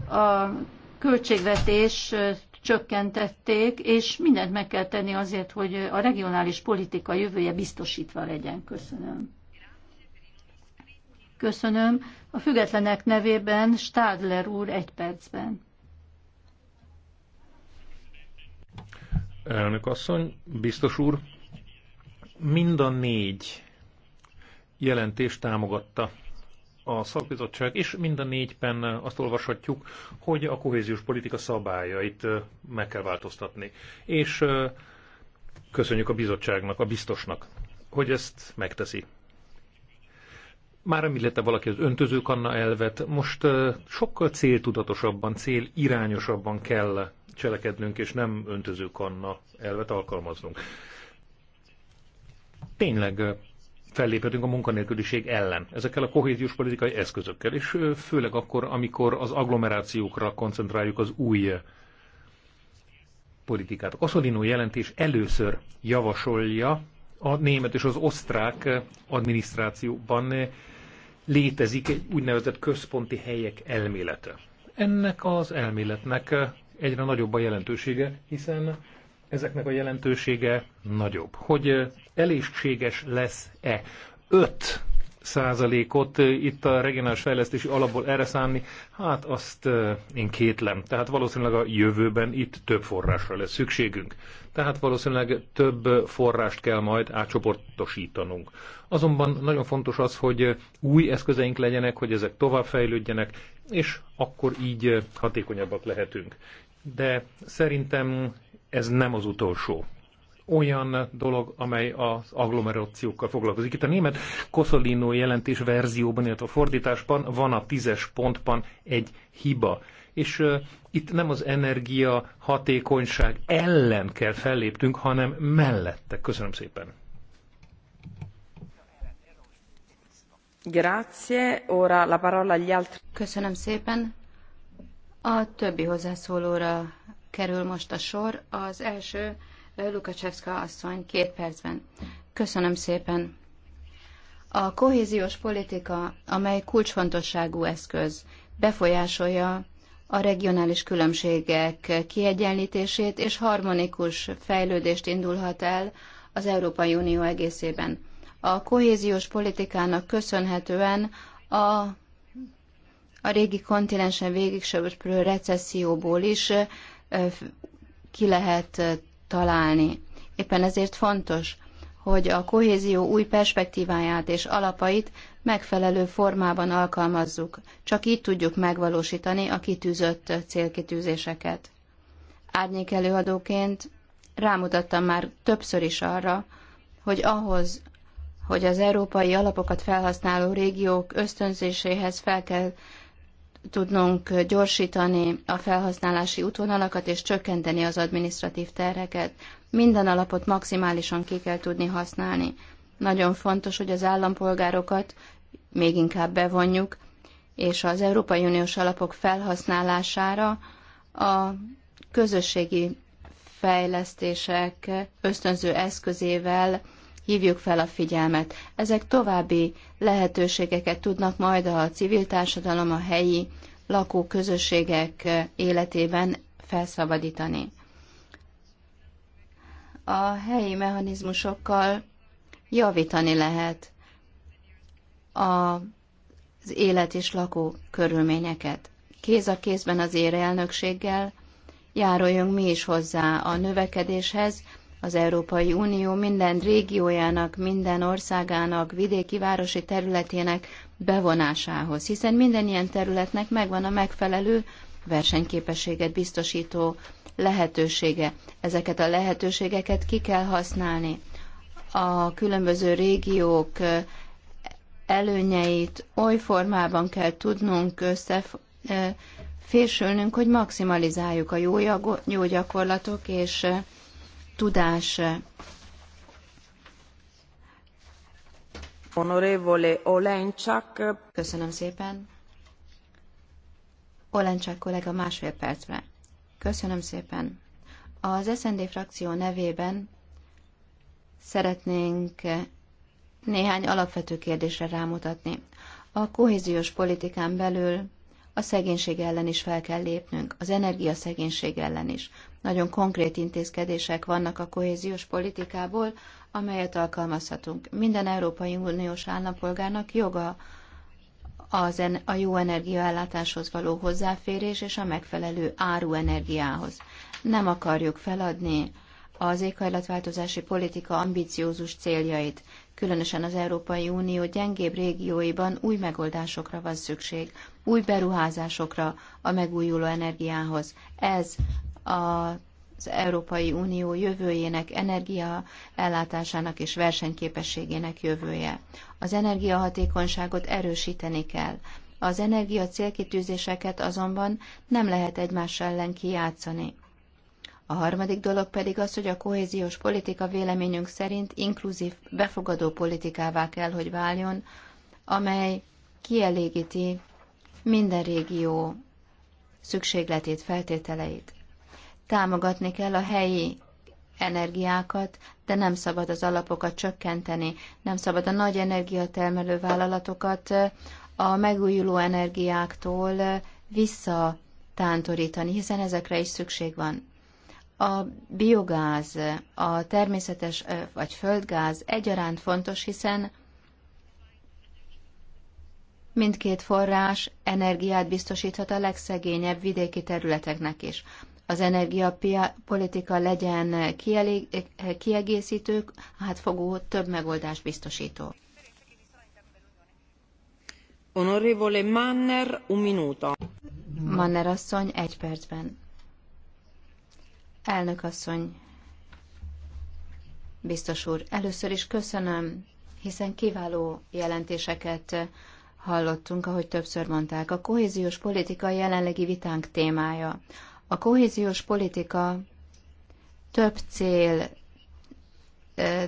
a költségvetés csökkentették, és mindent meg kell tenni azért, hogy a regionális politika jövője biztosítva legyen. Köszönöm. Köszönöm. A függetlenek nevében Stadler úr egy percben. Elnök asszony, biztos úr, mind a négy jelentést támogatta a szakbizottság, és mind a négyben azt olvashatjuk, hogy a kohéziós politika szabályait meg kell változtatni. És köszönjük a bizottságnak, a biztosnak, hogy ezt megteszi. Már említette valaki az öntöző kanna elvet, most sokkal céltudatosabban, célirányosabban kell cselekednünk, és nem öntöző kanna elvet alkalmaznunk. Tényleg felléphetünk a munkanélküliség ellen, ezekkel a kohéziós politikai eszközökkel, és főleg akkor, amikor az agglomerációkra koncentráljuk az új politikát. A jelentés először javasolja a német és az osztrák adminisztrációban létezik egy úgynevezett központi helyek elmélete. Ennek az elméletnek egyre nagyobb a jelentősége, hiszen ezeknek a jelentősége nagyobb. Hogy elégséges lesz-e 5 százalékot eh, itt a regionális fejlesztési alapból erre szánni, hát azt eh, én kétlem. Tehát valószínűleg a jövőben itt több forrásra lesz szükségünk. Tehát valószínűleg több forrást kell majd átcsoportosítanunk. Azonban nagyon fontos az, hogy új eszközeink legyenek, hogy ezek továbbfejlődjenek, és akkor így eh, hatékonyabbak lehetünk. De szerintem ez nem az utolsó olyan dolog, amely az agglomerációkkal foglalkozik. Itt a német Koszolino jelentés verzióban, illetve a fordításban van a tízes pontban egy hiba. És uh, itt nem az energia hatékonyság ellen kell felléptünk, hanem mellette. Köszönöm szépen. Grazie, ora la parola agli altri. Köszönöm szépen. A többi hozzászólóra kerül most a sor. Az első Lukacevska asszony, két percben. Köszönöm szépen. A kohéziós politika, amely kulcsfontosságú eszköz, befolyásolja a regionális különbségek kiegyenlítését és harmonikus fejlődést indulhat el az Európai Unió egészében. A kohéziós politikának köszönhetően a, a régi kontinensen végigsöpörő recesszióból is ki lehet találni. Éppen ezért fontos, hogy a kohézió új perspektíváját és alapait megfelelő formában alkalmazzuk. Csak így tudjuk megvalósítani a kitűzött célkitűzéseket. Árnyék előadóként rámutattam már többször is arra, hogy ahhoz, hogy az európai alapokat felhasználó régiók ösztönzéséhez fel kell tudnunk gyorsítani a felhasználási útvonalakat és csökkenteni az adminisztratív terheket. Minden alapot maximálisan ki kell tudni használni. Nagyon fontos, hogy az állampolgárokat még inkább bevonjuk, és az Európai Uniós alapok felhasználására a közösségi fejlesztések ösztönző eszközével hívjuk fel a figyelmet. Ezek további lehetőségeket tudnak majd a civil társadalom, a helyi lakóközösségek eh, életében felszabadítani. A helyi mechanizmusokkal javítani lehet az élet és lakó körülményeket. Kéz a kézben az ére elnökséggel járuljunk mi is hozzá a növekedéshez, az Európai Unió minden régiójának, minden országának, vidéki városi területének bevonásához, hiszen minden ilyen területnek megvan a megfelelő versenyképességet biztosító lehetősége. Ezeket a lehetőségeket ki kell használni. A különböző régiók előnyeit oly formában kell tudnunk összefésülnünk, hogy maximalizáljuk a jó, gyakorlatok és tudás. Honorevole Olencsak. Köszönöm szépen. Olencsak kollega másfél percre. Köszönöm szépen. Az SND frakció nevében szeretnénk néhány alapvető kérdésre rámutatni. A kohéziós politikán belül a szegénység ellen is fel kell lépnünk, az energiaszegénység ellen is. Nagyon konkrét intézkedések vannak a kohéziós politikából, amelyet alkalmazhatunk. Minden Európai Uniós állampolgárnak joga az en, a jó energiaellátáshoz való hozzáférés és a megfelelő áru energiához. Nem akarjuk feladni az éghajlatváltozási politika ambiciózus céljait, különösen az Európai Unió gyengébb régióiban új megoldásokra van szükség, új beruházásokra a megújuló energiához. Ez a az Európai Unió jövőjének, energiaellátásának és versenyképességének jövője. Az energiahatékonyságot erősíteni kell. Az energia célkitűzéseket azonban nem lehet egymás ellen kijátszani. A harmadik dolog pedig az, hogy a kohéziós politika véleményünk szerint inkluzív, befogadó politikává kell, hogy váljon, amely kielégíti minden régió szükségletét, feltételeit. Támogatni kell a helyi energiákat, de nem szabad az alapokat csökkenteni, nem szabad a nagy energiatermelő vállalatokat a megújuló energiáktól visszatántorítani, hiszen ezekre is szükség van a biogáz, a természetes vagy földgáz egyaránt fontos, hiszen mindkét forrás energiát biztosíthat a legszegényebb vidéki területeknek is. Az energiapolitika legyen kielég, kiegészítő, fogó több megoldást biztosító. Honorevole Manner, un minuto. Manner asszony, egy percben. Elnök asszony, biztos úr, először is köszönöm, hiszen kiváló jelentéseket hallottunk, ahogy többször mondták. A kohéziós politika jelenlegi vitánk témája. A kohéziós politika több cél,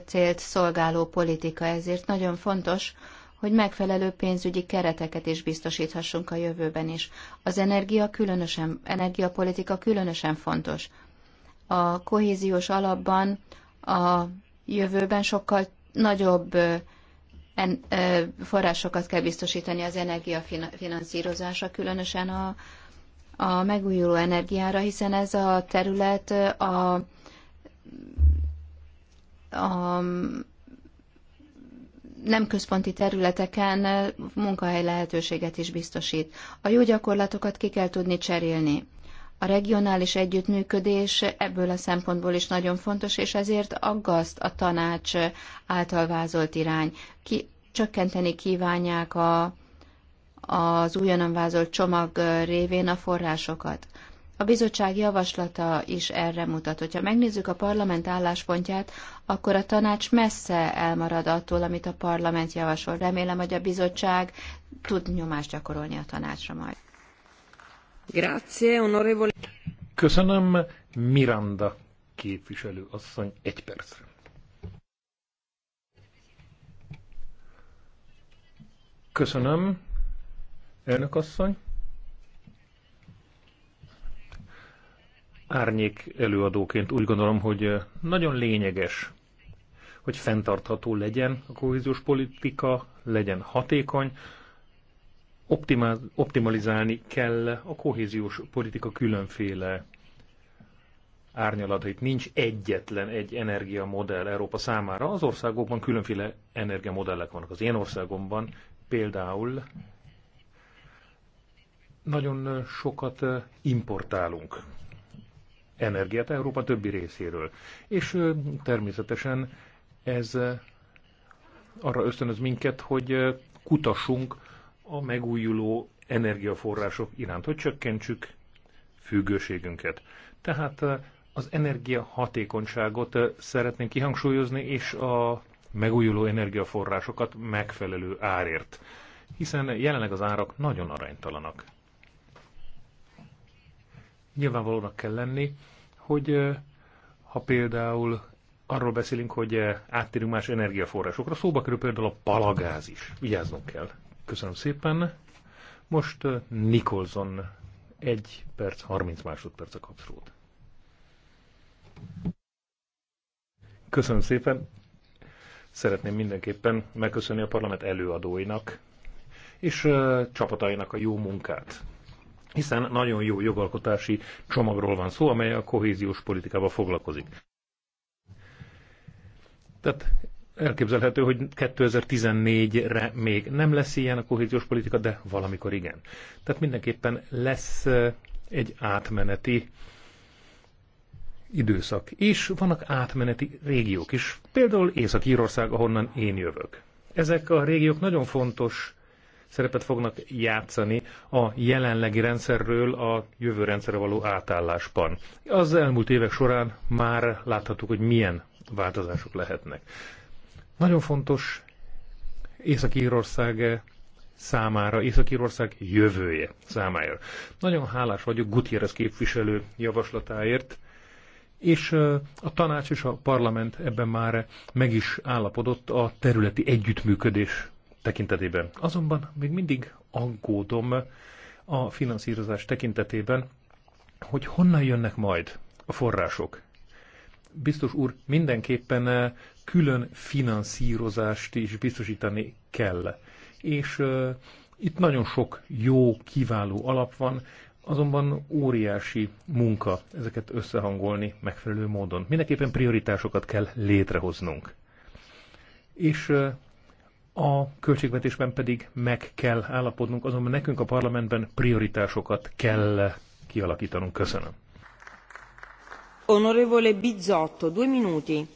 célt szolgáló politika, ezért nagyon fontos, hogy megfelelő pénzügyi kereteket is biztosíthassunk a jövőben is. Az energia különösen, energiapolitika különösen fontos a kohéziós alapban a jövőben sokkal nagyobb forrásokat kell biztosítani az energiafinanszírozásra, különösen a, a megújuló energiára, hiszen ez a terület a, a nem központi területeken munkahely lehetőséget is biztosít. A jó gyakorlatokat ki kell tudni cserélni. A regionális együttműködés ebből a szempontból is nagyon fontos, és ezért aggaszt a tanács által vázolt irány. Ki, csökkenteni kívánják a, az újonnan vázolt csomag révén a forrásokat. A bizottság javaslata is erre mutat. ha megnézzük a parlament álláspontját, akkor a tanács messze elmarad attól, amit a parlament javasol. Remélem, hogy a bizottság tud nyomást gyakorolni a tanácsra majd. Köszönöm, Miranda képviselő asszony, egy percre. Köszönöm, elnök asszony. Árnyék előadóként úgy gondolom, hogy nagyon lényeges, hogy fenntartható legyen a kohéziós politika, legyen hatékony, optimál, optimalizálni kell a kohéziós politika különféle árnyalatait. Nincs egyetlen egy energiamodell Európa számára. Az országokban különféle energiamodellek vannak. Az én országomban például nagyon sokat importálunk energiát Európa többi részéről. És természetesen ez arra ösztönöz minket, hogy kutassunk a megújuló energiaforrások iránt, hogy csökkentsük függőségünket. Tehát eh, az energiahatékonyságot eh, szeretném kihangsúlyozni, és a megújuló energiaforrásokat megfelelő árért, hiszen jelenleg az árak nagyon aránytalanak. Nyilvánvalónak kell lenni, hogy eh, ha például arról beszélünk, hogy áttérünk más energiaforrásokra, szóba kerül például a palagáz is. Vigyáznunk kell. Köszönöm szépen. Most uh, Nikolson 1 perc 30 másodperc a kapszót. Köszönöm szépen. Szeretném mindenképpen megköszönni a parlament előadóinak és uh, csapatainak a jó munkát. Hiszen nagyon jó jogalkotási csomagról van szó, amely a kohéziós politikával foglalkozik. Tehát elképzelhető, hogy 2014-re még nem lesz ilyen a kohéziós politika, de valamikor igen. Tehát mindenképpen lesz egy átmeneti időszak, és vannak átmeneti régiók is, például Észak-Írország, ahonnan én jövök. Ezek a régiók nagyon fontos szerepet fognak játszani a jelenlegi rendszerről a jövő rendszerre való átállásban. Az elmúlt évek során már láthattuk, hogy milyen változások lehetnek. Nagyon fontos Észak-Írország számára, Észak-Írország jövője számára. Nagyon hálás vagyok Gutierrez képviselő javaslatáért, és a tanács és a parlament ebben már meg is állapodott a területi együttműködés tekintetében. Azonban még mindig aggódom a finanszírozás tekintetében, hogy honnan jönnek majd a források. Biztos úr, mindenképpen külön finanszírozást is biztosítani kell. És uh, itt nagyon sok jó, kiváló alap van, azonban óriási munka ezeket összehangolni megfelelő módon. Mindenképpen prioritásokat kell létrehoznunk. És uh, a költségvetésben pedig meg kell állapodnunk, azonban nekünk a parlamentben prioritásokat kell kialakítanunk. Köszönöm. Onorevole Bizzotto, due minuti.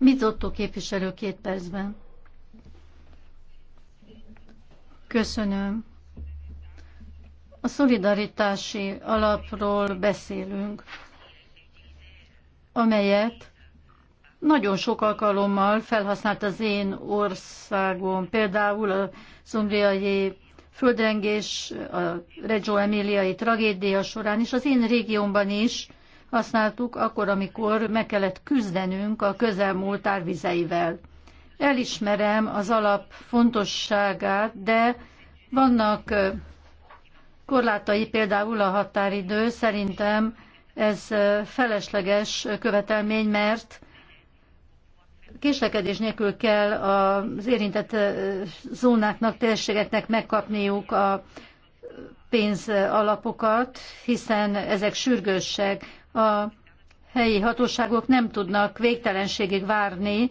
Mizotto képviselő két percben. Köszönöm. A szolidaritási alapról beszélünk, amelyet nagyon sok alkalommal felhasznált az én országom, például a szombriai földrengés, a Reggio Emiliai tragédia során, és az én régiómban is használtuk akkor, amikor meg kellett küzdenünk a közelmúlt árvizeivel. Elismerem az alap fontosságát, de vannak korlátai, például a határidő. Szerintem ez felesleges követelmény, mert késlekedés nélkül kell az érintett zónáknak, térségeknek megkapniuk a pénzalapokat, hiszen ezek sürgősek a helyi hatóságok nem tudnak végtelenségig várni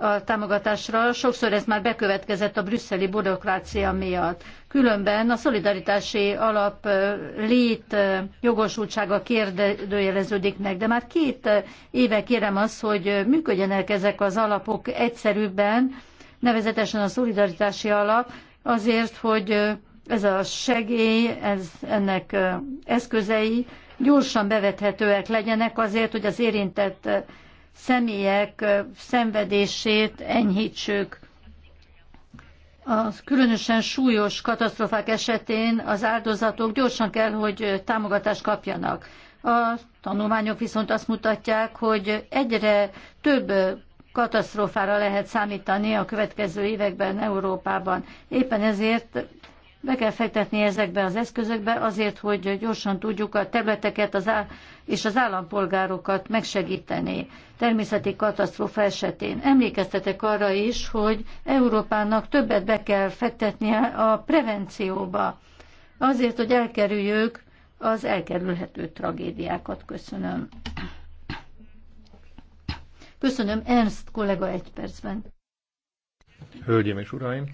a támogatásra, sokszor ez már bekövetkezett a brüsszeli bürokrácia miatt. Különben a szolidaritási alap lét jogosultsága kérdőjeleződik meg, de már két éve kérem azt, hogy működjenek ezek az alapok egyszerűbben, nevezetesen a szolidaritási alap, azért, hogy ez a segély, ez ennek eszközei gyorsan bevethetőek legyenek azért, hogy az érintett személyek szenvedését enyhítsük. A különösen súlyos katasztrofák esetén az áldozatok gyorsan kell, hogy támogatást kapjanak. A tanulmányok viszont azt mutatják, hogy egyre több katasztrófára lehet számítani a következő években Európában. Éppen ezért be kell fektetni ezekbe az eszközökbe azért, hogy gyorsan tudjuk a területeket az á- és az állampolgárokat megsegíteni természeti katasztrófa esetén. Emlékeztetek arra is, hogy Európának többet be kell fektetnie a prevencióba, azért, hogy elkerüljük az elkerülhető tragédiákat. Köszönöm. Köszönöm, Ernst kollega egy percben. Hölgyeim és uraim!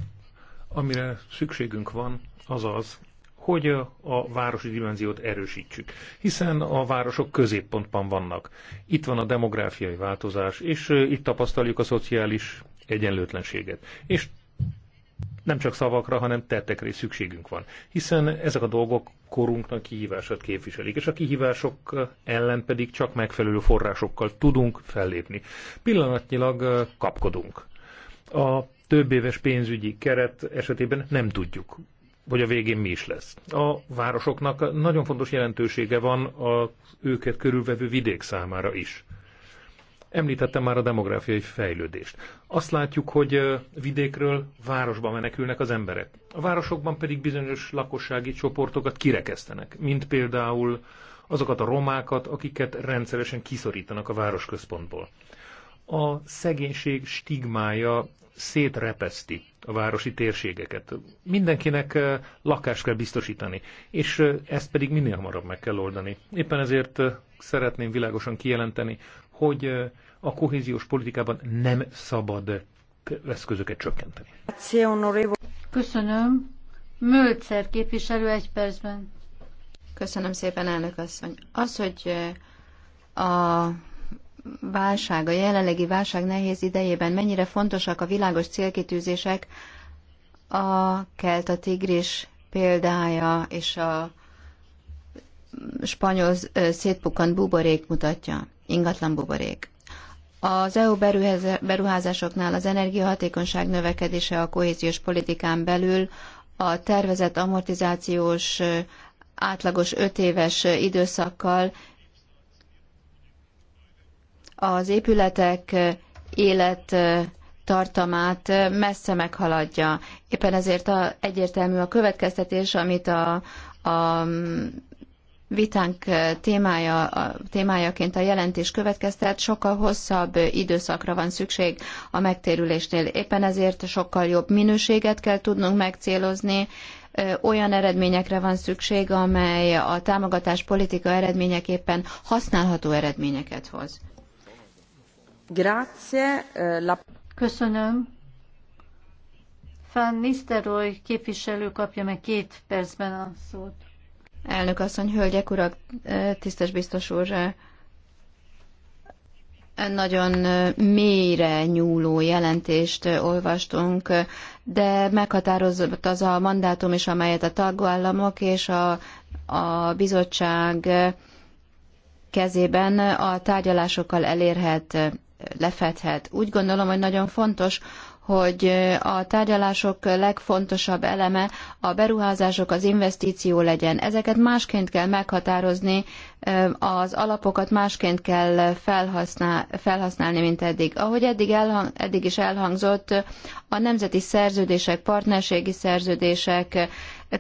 Amire szükségünk van, az az, hogy a városi dimenziót erősítsük, hiszen a városok középpontban vannak. Itt van a demográfiai változás, és itt tapasztaljuk a szociális egyenlőtlenséget. És nem csak szavakra, hanem tettekre is szükségünk van, hiszen ezek a dolgok korunknak kihívását képviselik, és a kihívások ellen pedig csak megfelelő forrásokkal tudunk fellépni. Pillanatnyilag kapkodunk. A több éves pénzügyi keret esetében nem tudjuk, hogy a végén mi is lesz. A városoknak nagyon fontos jelentősége van a őket körülvevő vidék számára is. Említettem már a demográfiai fejlődést. Azt látjuk, hogy vidékről városba menekülnek az emberek. A városokban pedig bizonyos lakossági csoportokat kirekesztenek, mint például azokat a romákat, akiket rendszeresen kiszorítanak a városközpontból. A szegénység stigmája szétrepeszti a városi térségeket. Mindenkinek eh, lakást kell biztosítani, és eh, ezt pedig minél hamarabb meg kell oldani. Éppen ezért eh, szeretném világosan kijelenteni, hogy a kohéziós politikában nem szabad eszközöket csökkenteni. Köszönöm. Mölcer képviselő egy percben. Köszönöm szépen, elnök asszony. Az, hogy a válság, a jelenlegi válság nehéz idejében mennyire fontosak a világos célkitűzések, a kelt a tigris példája és a spanyol szétpukkant buborék mutatja, ingatlan buborék. Az EU beruházásoknál az energiahatékonyság növekedése a kohéziós politikán belül a tervezett amortizációs átlagos öt éves időszakkal az épületek élet tartamát messze meghaladja. Éppen ezért a, egyértelmű a következtetés, amit a, a vitánk témája, témájaként a jelentés következtet, sokkal hosszabb időszakra van szükség a megtérülésnél. Éppen ezért sokkal jobb minőséget kell tudnunk megcélozni, olyan eredményekre van szükség, amely a támogatás politika eredményeképpen használható eredményeket hoz. Eh, Köszönöm. Van Nisztelrooy képviselő kapja meg két percben a szót. Elnök asszony, hölgyek, urak, eh, tisztes biztos úr, eh, nagyon mélyre nyúló jelentést olvastunk, de meghatározott az a mandátum is, amelyet a tagállamok és a, a bizottság kezében a tárgyalásokkal elérhet lefedhet. Úgy gondolom, hogy nagyon fontos, hogy eh, a tárgyalások legfontosabb eleme a beruházások, az investíció legyen. Ezeket másként kell meghatározni, eh, az alapokat másként kell felhasznál, felhasználni, mint eddig. Ahogy eddig, elhang, eddig is elhangzott, a nemzeti szerződések, partnerségi szerződések,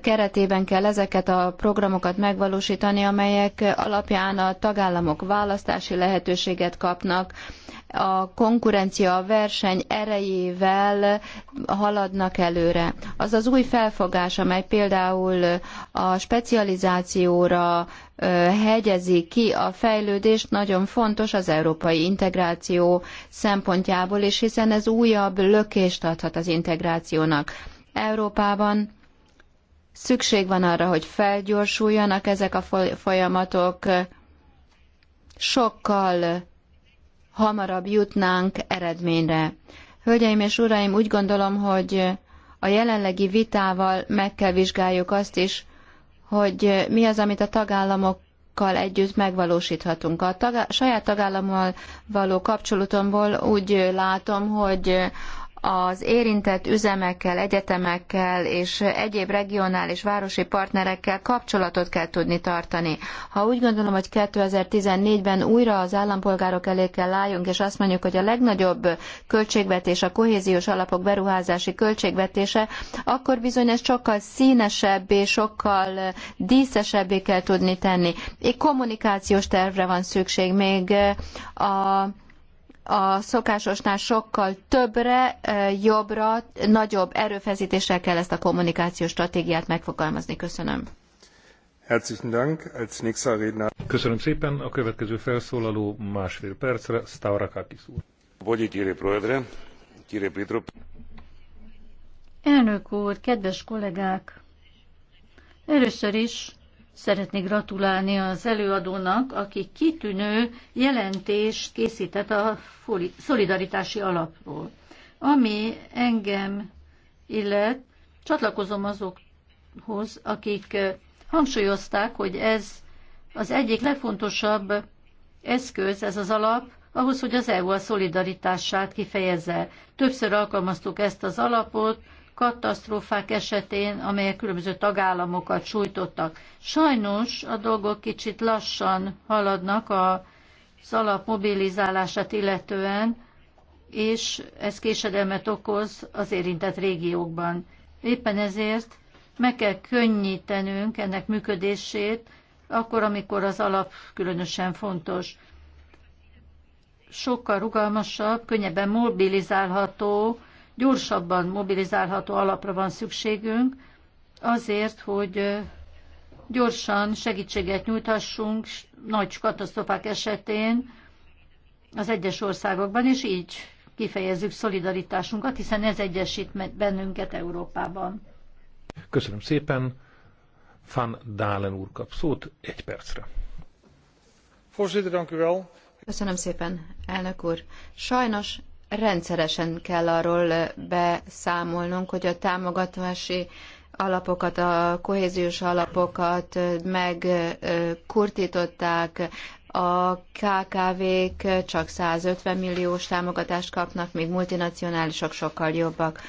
keretében kell ezeket a programokat megvalósítani, amelyek alapján a tagállamok választási lehetőséget kapnak, a konkurencia, a verseny erejével haladnak előre. Az az új felfogás, amely például a specializációra hegyezi ki a fejlődést, nagyon fontos az európai integráció szempontjából, és hiszen ez újabb lökést adhat az integrációnak. Európában Szükség van arra, hogy felgyorsuljanak ezek a folyamatok, sokkal hamarabb jutnánk eredményre. Hölgyeim és uraim, úgy gondolom, hogy a jelenlegi vitával meg kell vizsgáljuk azt is, hogy mi az, amit a tagállamokkal együtt megvalósíthatunk. A tagá- saját tagállammal való kapcsolatomból úgy látom, hogy az érintett üzemekkel, egyetemekkel és egyéb regionális városi partnerekkel kapcsolatot kell tudni tartani. Ha úgy gondolom, hogy 2014-ben újra az állampolgárok elé kell álljunk, és azt mondjuk, hogy a legnagyobb költségvetés a kohéziós alapok beruházási költségvetése, akkor bizony ezt sokkal színesebbé, sokkal díszesebbé kell tudni tenni. Egy kommunikációs tervre van szükség, még a a szokásosnál sokkal többre, jobbra, nagyobb erőfeszítéssel kell ezt a kommunikációs stratégiát megfogalmazni. Köszönöm. Herzlichen Dank. Als nächster Redner. Köszönöm szépen. A következő felszólaló másfél percre, Stavrakakis úr. Vagy kire proedre, kire Pitrop. Elnök úr, kedves kollégák! Először is Szeretnék gratulálni az előadónak, aki kitűnő jelentést készített a szolidaritási alapról. Ami engem illet, csatlakozom azokhoz, akik eh, hangsúlyozták, hogy ez az egyik legfontosabb eszköz, ez az alap, ahhoz, hogy az EU a szolidaritását kifejezze. Többször alkalmaztuk ezt az alapot, katasztrófák esetén, amelyek különböző tagállamokat sújtottak. Sajnos a dolgok kicsit lassan haladnak az alap mobilizálását illetően, és ez késedelmet okoz az érintett régiókban. Éppen ezért meg kell könnyítenünk ennek működését, akkor, amikor az alap különösen fontos. Sokkal rugalmasabb, könnyebben mobilizálható gyorsabban mobilizálható alapra van szükségünk, azért, hogy gyorsan segítséget nyújthassunk nagy katasztrofák esetén az egyes országokban, és így kifejezzük szolidaritásunkat, hiszen ez egyesít bennünket Európában. Köszönöm szépen. Van Dálen úr kap szót egy percre. Köszönöm szépen, elnök úr. Sajnos rendszeresen kell arról beszámolnunk, hogy a támogatási alapokat, a kohéziós alapokat megkurtították, a KKV-k csak 150 milliós támogatást kapnak, még multinacionálisok sokkal jobbak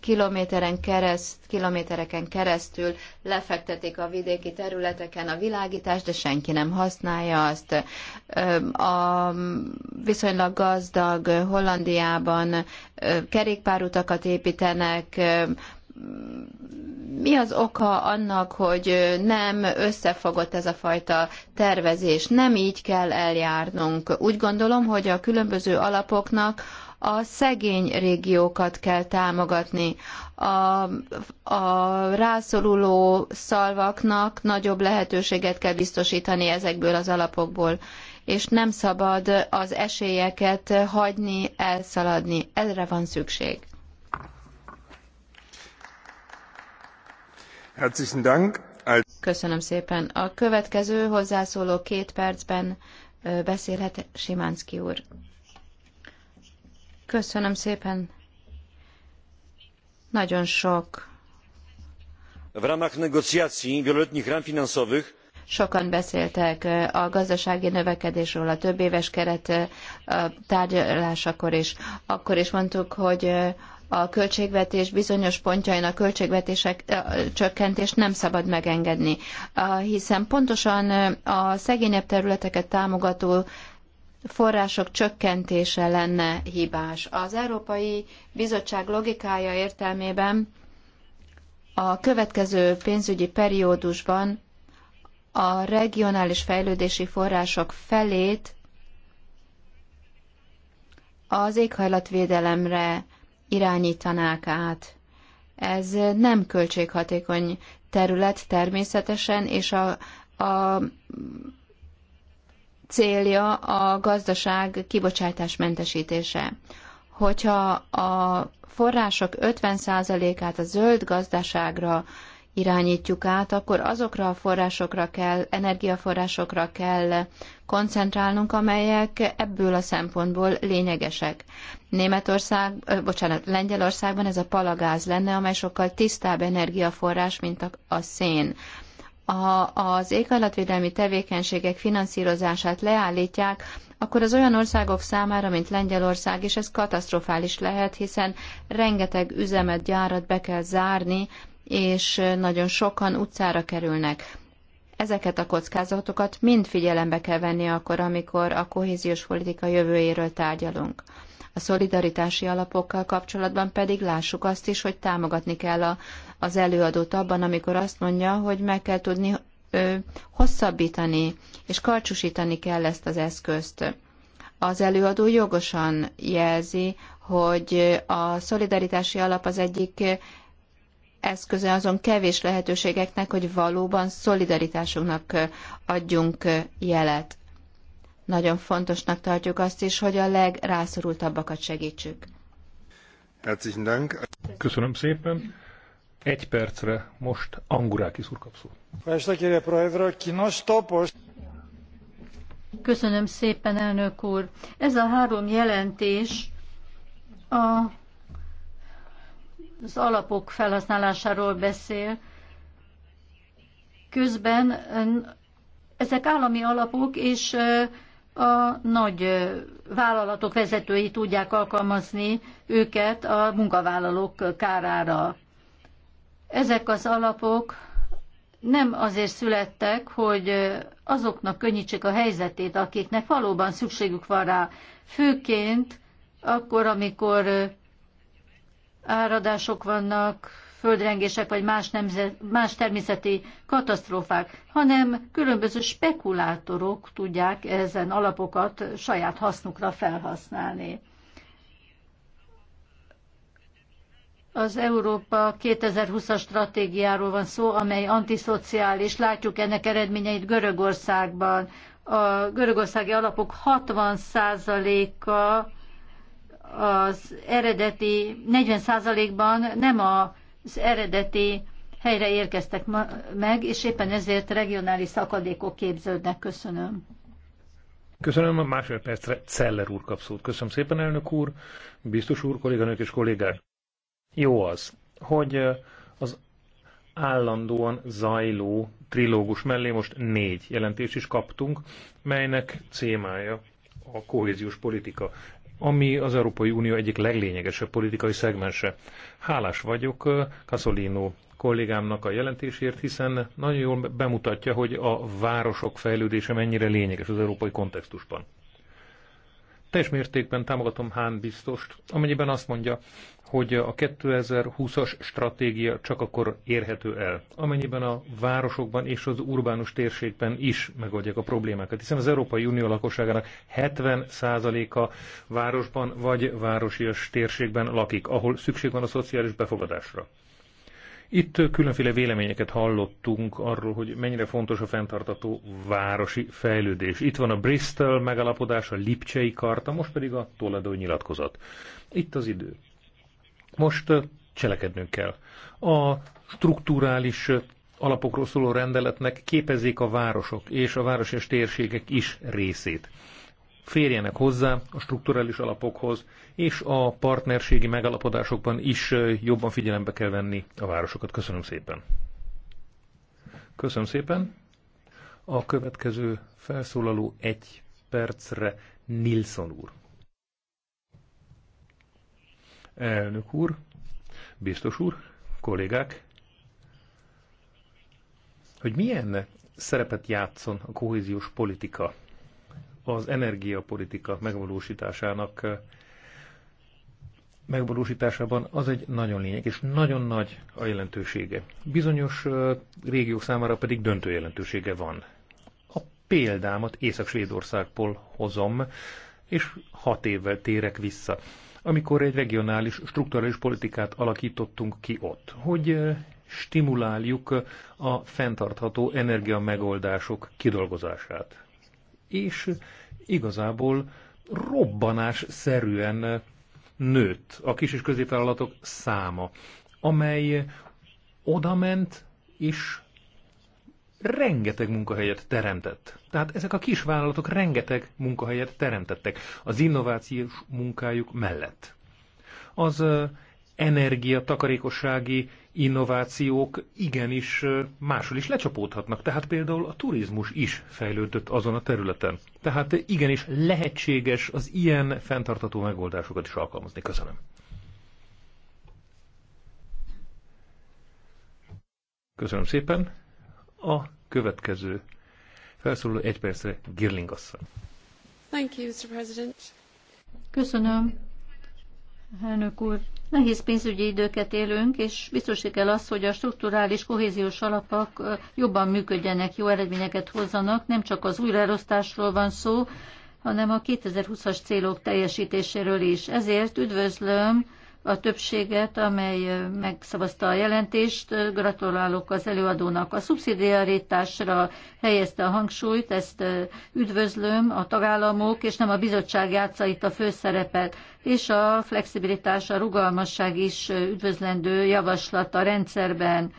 kilométeren kereszt, kilométereken keresztül lefektetik a vidéki területeken a világítást, de senki nem használja azt. A viszonylag gazdag Hollandiában kerékpárutakat építenek, mi az oka annak, hogy nem összefogott ez a fajta tervezés? Nem így kell eljárnunk. Úgy gondolom, hogy a különböző alapoknak a szegény régiókat kell támogatni. A, a rászoruló szalvaknak nagyobb lehetőséget kell biztosítani ezekből az alapokból, és nem szabad az esélyeket hagyni, elszaladni. Erre van szükség. Köszönöm szépen. A következő hozzászóló két percben beszélhet Simánszki úr. Köszönöm szépen. Nagyon sok. W ramach negocjacji wieloletnich ram finansowych sokan beszéltek e, a gazdasági növekedésről a több éves keret e, tárgyalásakor is. Akkor is mondtuk, hogy e, a költségvetés bizonyos pontjain a költségvetések csökkentést nem szabad megengedni, hiszen pontosan a szegényebb területeket támogató források csökkentése lenne hibás. Az Európai Bizottság logikája értelmében a következő pénzügyi periódusban a regionális fejlődési források felét az éghajlatvédelemre irányítanák át. Ez nem költséghatékony terület természetesen, és a, a célja a gazdaság kibocsátásmentesítése. Hogyha a források 50%-át a zöld gazdaságra irányítjuk át, akkor azokra a forrásokra kell, energiaforrásokra kell koncentrálnunk, amelyek ebből a szempontból lényegesek. Németország, ö, bocsánat, Lengyelországban ez a palagáz lenne, amely sokkal tisztább energiaforrás, mint a, a szén a, az éghajlatvédelmi tevékenységek finanszírozását leállítják, akkor az olyan országok számára, mint Lengyelország is, ez katasztrofális lehet, hiszen rengeteg üzemet, gyárat be kell zárni, és nagyon sokan utcára kerülnek. Ezeket a kockázatokat mind figyelembe kell venni akkor, amikor a kohéziós politika jövőjéről tárgyalunk. A szolidaritási alapokkal kapcsolatban pedig lássuk azt is, hogy támogatni kell a, az előadót abban, amikor azt mondja, hogy meg kell tudni ö, hosszabbítani és karcsúsítani kell ezt az eszközt. Az előadó jogosan jelzi, hogy a szolidaritási alap az egyik eszköze azon kevés lehetőségeknek, hogy valóban szolidaritásunknak adjunk jelet. Nagyon fontosnak tartjuk azt is, hogy a legrászorultabbakat segítsük. Herzlichen Dank. Köszönöm szépen. Egy percre most Anguráki szurkapszó. Köszönöm szépen, elnök úr. Ez a három jelentés a, az alapok felhasználásáról beszél. Közben ezek állami alapok, és a nagy vállalatok vezetői tudják alkalmazni őket a munkavállalók kárára. Ezek az alapok nem azért születtek, hogy azoknak könnyítsék a helyzetét, akiknek valóban szükségük van rá, főként akkor, amikor áradások vannak, földrengések vagy más, nemzet, más természeti katasztrófák, hanem különböző spekulátorok tudják ezen alapokat saját hasznukra felhasználni. Az Európa 2020-as stratégiáról van szó, amely antiszociális. Látjuk ennek eredményeit Görögországban. A görögországi alapok 60%-a az eredeti 40%-ban nem a az eredeti helyre érkeztek meg, és éppen ezért regionális szakadékok képződnek. Köszönöm. Köszönöm, a másfél percre Celler úr kap szót. Köszönöm szépen, elnök úr, biztos úr, kolléganők és kollégák. Jó az, hogy az állandóan zajló trilógus mellé most négy jelentést is kaptunk, melynek címája a kohéziós politika ami az Európai Unió egyik leglényegesebb politikai szegmense. Hálás vagyok Casolino kollégámnak a jelentésért, hiszen nagyon jól bemutatja, hogy a városok fejlődése mennyire lényeges az európai kontextusban. Teljes mértékben támogatom Hán biztost, amennyiben azt mondja, hogy a 2020-as stratégia csak akkor érhető el, amennyiben a városokban és az urbánus térségben is megoldják a problémákat, hiszen az Európai Unió lakosságának 70%-a városban vagy városias térségben lakik, ahol szükség van a szociális befogadásra. Itt különféle véleményeket hallottunk arról, hogy mennyire fontos a fenntartató városi fejlődés. Itt van a Bristol megalapodás, a Lipcsei karta, most pedig a Toledo nyilatkozat. Itt az idő most cselekednünk kell. A strukturális alapokról szóló rendeletnek képezik a városok és a városi térségek is részét. Férjenek hozzá a strukturális alapokhoz, és a partnerségi megalapodásokban is jobban figyelembe kell venni a városokat. Köszönöm szépen. Köszönöm szépen. A következő felszólaló egy percre Nilsson úr. Elnök úr, biztos úr, kollégák, hogy milyen szerepet játszon a kohéziós politika az energiapolitika megvalósításának eh, megvalósításában az egy nagyon lényeg, és nagyon nagy a jelentősége. Bizonyos eh, régiók számára pedig döntő jelentősége van. A példámat Észak-Svédországból hozom, és hat évvel térek vissza amikor egy regionális strukturális politikát alakítottunk ki ott, hogy stimuláljuk a fenntartható energiamegoldások kidolgozását. És igazából robbanás szerűen nőtt a kis és középvállalatok száma, amely odament és rengeteg munkahelyet teremtett. Tehát ezek a kis vállalatok rengeteg munkahelyet teremtettek az innovációs munkájuk mellett. Az energiatakarékossági innovációk igenis máshol is lecsapódhatnak. Tehát például a turizmus is fejlődött azon a területen. Tehát igenis lehetséges az ilyen fenntartató megoldásokat is alkalmazni. Köszönöm. Köszönöm szépen. A következő felszóló egy percre Girling asszony. Thank you, Mr. President. Köszönöm, elnök úr. Nehéz pénzügyi időket élünk, és biztosít kell az, hogy a strukturális kohéziós alapok jobban működjenek, jó eredményeket hozzanak. Nem csak az újraelosztásról van szó, hanem a 2020-as célok teljesítéséről is. Ezért üdvözlöm a többséget, amely megszavazta a jelentést. Gratulálok az előadónak. A szubszidiaritásra helyezte a hangsúlyt, ezt üdvözlöm, a tagállamok, és nem a bizottság játsza itt a főszerepet. És a flexibilitás, a rugalmasság is üdvözlendő javaslat a rendszerben.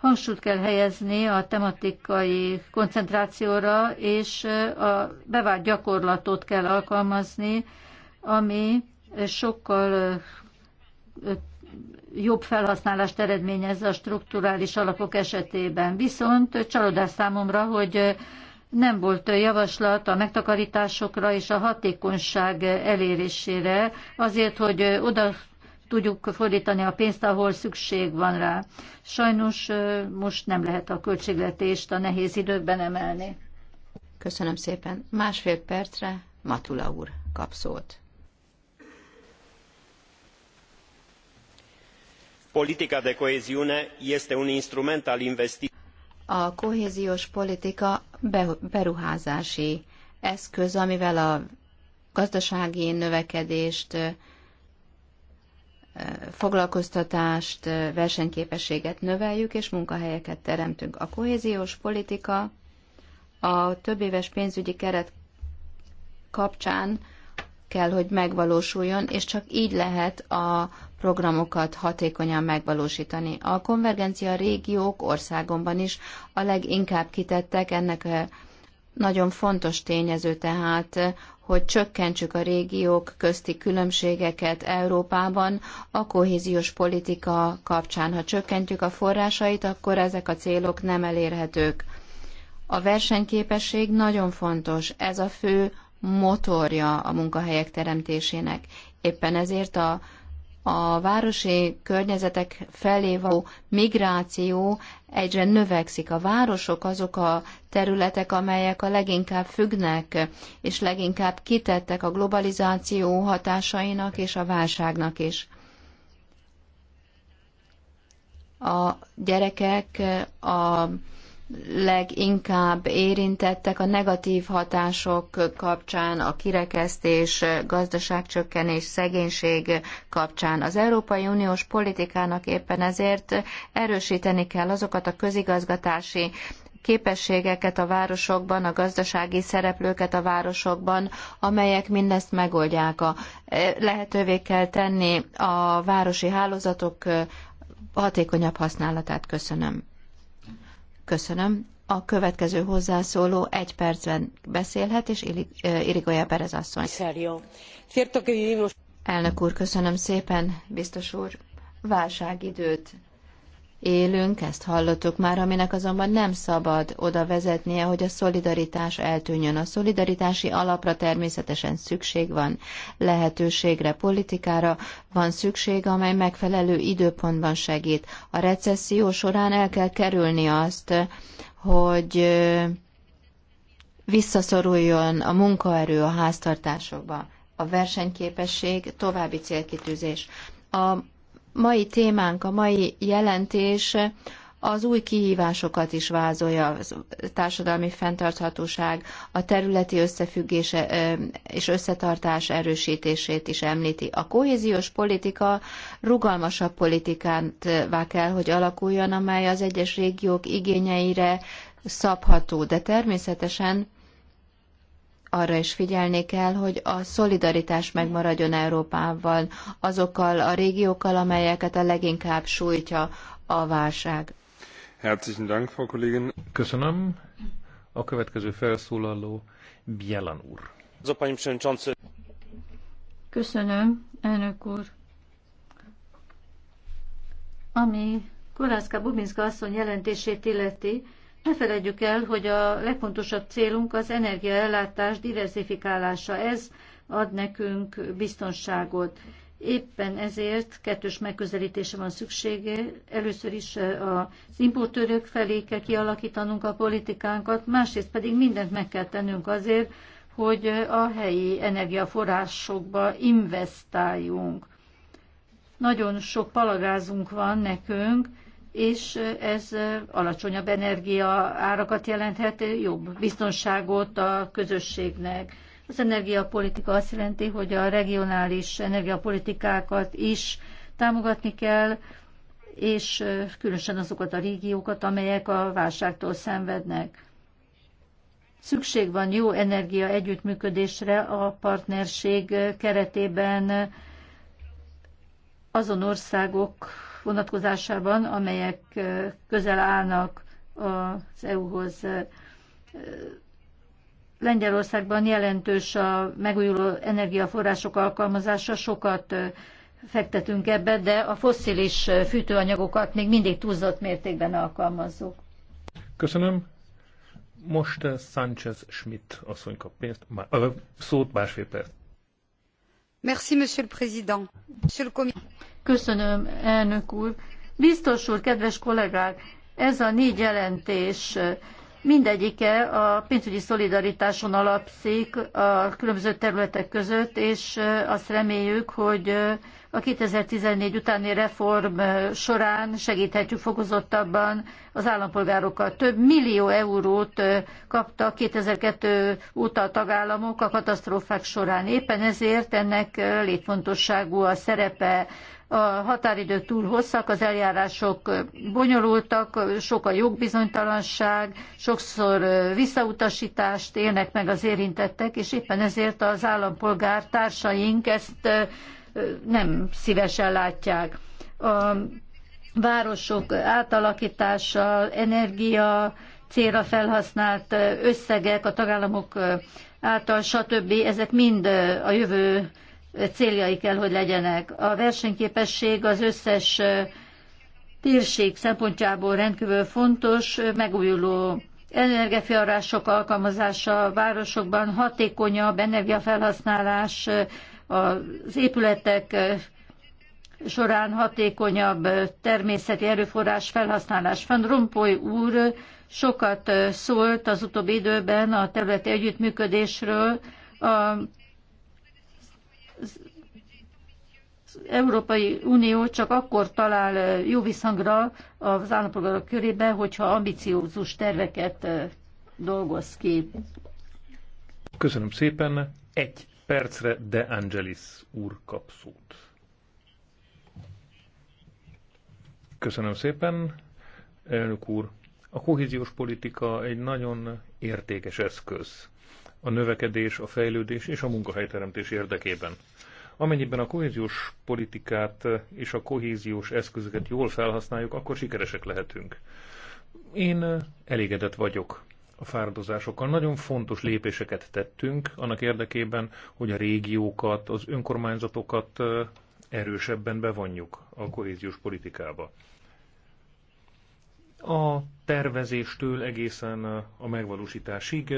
Hangsúlyt kell helyezni a tematikai koncentrációra, és a bevált gyakorlatot kell alkalmazni, ami sokkal jobb felhasználást eredményez a strukturális alapok esetében. Viszont csalódás számomra, hogy nem volt javaslat a megtakarításokra és a hatékonyság elérésére, azért, hogy oda tudjuk fordítani a pénzt, ahol szükség van rá. Sajnos most nem lehet a költségvetést a nehéz időkben emelni. Köszönöm szépen. Másfél percre Matula úr kap szót. politica de coeziune este un instrument al investiiei. A kohéziós politika beruházási eszköz, amivel a gazdasági növekedést, foglalkoztatást, versenyképességet növeljük és munkahelyeket teremtünk. A kohéziós politika a többéves pénzügyi keret kapcsán kell, hogy megvalósuljon, és csak így lehet a programokat hatékonyan megvalósítani. A konvergencia régiók országomban is a leginkább kitettek ennek a nagyon fontos tényező tehát, hogy csökkentsük a régiók közti különbségeket Európában, a kohéziós politika kapcsán. Ha csökkentjük a forrásait, akkor ezek a célok nem elérhetők. A versenyképesség nagyon fontos, ez a fő motorja a munkahelyek teremtésének. Éppen ezért a a városi környezetek felé való migráció egyre növekszik. A városok azok a területek, amelyek a leginkább függnek, és leginkább kitettek a globalizáció hatásainak és a válságnak is. A gyerekek a leginkább érintettek a negatív hatások kapcsán, a kirekesztés, gazdaságcsökkenés, szegénység kapcsán. Az Európai Uniós politikának éppen ezért erősíteni kell azokat a közigazgatási képességeket a városokban, a gazdasági szereplőket a városokban, amelyek mindezt megoldják. A, e, lehetővé kell tenni a városi hálózatok e, hatékonyabb használatát. Köszönöm. Köszönöm. A következő hozzászóló egy percben beszélhet, és Irigoya Perez asszony. Elnök úr, köszönöm szépen, biztos úr. Válságidőt élünk, ezt hallottuk már, aminek azonban nem szabad oda vezetnie, hogy a szolidaritás eltűnjön. A szolidaritási alapra természetesen szükség van, lehetőségre, politikára van szükség, amely megfelelő időpontban segít. A recesszió során el kell kerülni azt, hogy visszaszoruljon a munkaerő a háztartásokba. A versenyképesség további célkitűzés. A mai témánk, a mai jelentés az új kihívásokat is vázolja, a társadalmi fenntarthatóság, a területi összefüggése és összetartás erősítését is említi. A kohéziós politika rugalmasabb vá kell, hogy alakuljon, amely az egyes régiók igényeire szabható, de természetesen arra is figyelni kell, hogy a szolidaritás megmaradjon Európával, azokkal a régiókkal, amelyeket a leginkább sújtja a válság. Herzlichen Dank, Frau Kollegin. Köszönöm. A következő felszólaló Bielan úr. Köszönöm, elnök úr. Ami Korászka Bubinska asszony jelentését illeti, ne felejtjük el, hogy a legfontosabb célunk az energiaellátás diversifikálása. Ez ad nekünk biztonságot. Éppen ezért kettős megközelítése van szüksége. Először is eh, az importőrök felé kell kialakítanunk a politikánkat, másrészt pedig mindent meg kell tennünk azért, hogy eh, a helyi energiaforrásokba investáljunk. Nagyon sok palagázunk van nekünk, és ez alacsonyabb energia árakat jelenthet, jobb biztonságot a közösségnek. Az energiapolitika azt jelenti, hogy a regionális energiapolitikákat is támogatni kell, és különösen azokat a régiókat, amelyek a válságtól szenvednek. Szükség van jó energia együttműködésre a partnerség keretében azon országok vonatkozásában, amelyek közel állnak az EU-hoz. Lengyelországban jelentős a megújuló energiaforrások alkalmazása, sokat fektetünk ebbe, de a fosszilis fűtőanyagokat még mindig túlzott mértékben alkalmazzuk. Köszönöm. Most Sánchez Schmidt asszony kap pénzt, má, szót másfél perc. Merci, monsieur le président. Monsieur le Köszönöm, elnök úr. Biztos úr, kedves kollégák, ez a négy jelentés mindegyike a pénzügyi szolidaritáson alapszik a különböző területek között, és azt reméljük, hogy a 2014 utáni reform során segíthetjük fokozottabban az állampolgárokat. Több millió eurót kaptak 2002 óta a tagállamok a katasztrófák során. Éppen ezért ennek létfontosságú a szerepe a határidők túl hosszak, az eljárások bonyolultak, sok a jogbizonytalanság, sokszor visszautasítást élnek meg az érintettek, és éppen ezért az állampolgár társaink ezt nem szívesen látják. A városok átalakítása, energia, célra felhasznált összegek a tagállamok által, stb. Ezek mind a jövő céljai kell, hogy legyenek. A versenyképesség az összes térség szempontjából rendkívül fontos, megújuló energiaforrások alkalmazása a városokban, hatékonyabb energiafelhasználás az épületek során hatékonyabb természeti erőforrás felhasználás. Van Rompuy úr sokat szólt az utóbbi időben a területi együttműködésről. A, Európai Unió csak akkor talál jó visszhangra az állampolgárok körébe, hogyha ambiciózus terveket dolgoz ki. Köszönöm szépen. Egy percre De Angelis úr kap szót. Köszönöm szépen, elnök úr. A kohéziós politika egy nagyon értékes eszköz a növekedés, a fejlődés és a munkahelyteremtés érdekében. Amennyiben a kohéziós politikát és a kohéziós eszközöket jól felhasználjuk, akkor sikeresek lehetünk. Én elégedett vagyok a fáradozásokkal. Nagyon fontos lépéseket tettünk annak érdekében, hogy a régiókat, az önkormányzatokat erősebben bevonjuk a kohéziós politikába. A tervezéstől egészen a megvalósításig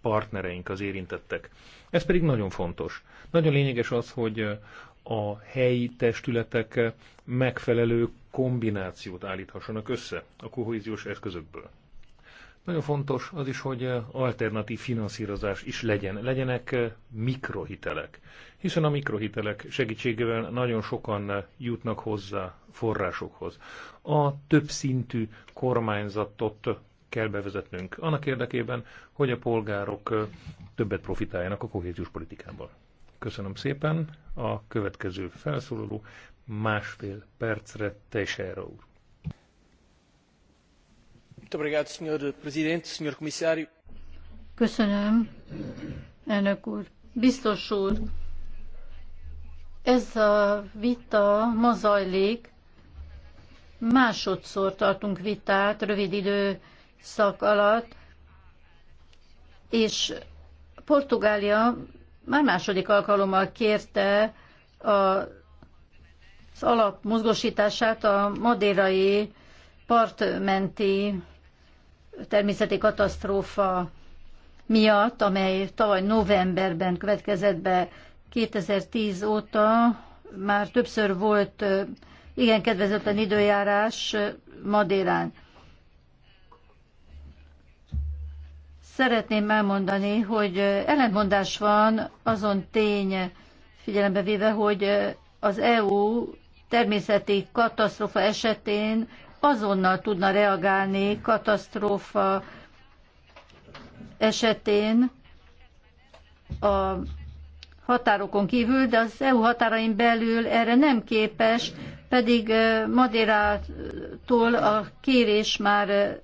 partnereink az érintettek. Ez pedig nagyon fontos. Nagyon lényeges az, hogy a helyi testületek megfelelő kombinációt állíthassanak össze a kohéziós eszközökből. Nagyon fontos az is, hogy eh, alternatív finanszírozás is legyen, legyenek eh, mikrohitelek. Hiszen a mikrohitelek segítségével nagyon sokan eh, jutnak hozzá forrásokhoz. A többszintű kormányzatot kell bevezetnünk annak érdekében, hogy a polgárok többet profitáljanak a kohéziós politikából. Köszönöm szépen. A következő felszólaló másfél percre Teixeira úr. Köszönöm, elnök úr. Biztos úr, ez a vita ma zajlik, másodszor tartunk vitát rövid időszak alatt, és Portugália már második alkalommal kérte az alap mozgósítását a madérai partmenti természeti katasztrófa miatt, amely tavaly novemberben következett be 2010 óta, már többször volt igen kedvezőtlen időjárás Madérán. Szeretném elmondani, hogy ellentmondás van azon tény figyelembe véve, hogy az EU természeti katasztrófa esetén azonnal tudna reagálni katasztrófa esetén a határokon kívül, de az EU határain belül erre nem képes, pedig Madérától a kérés már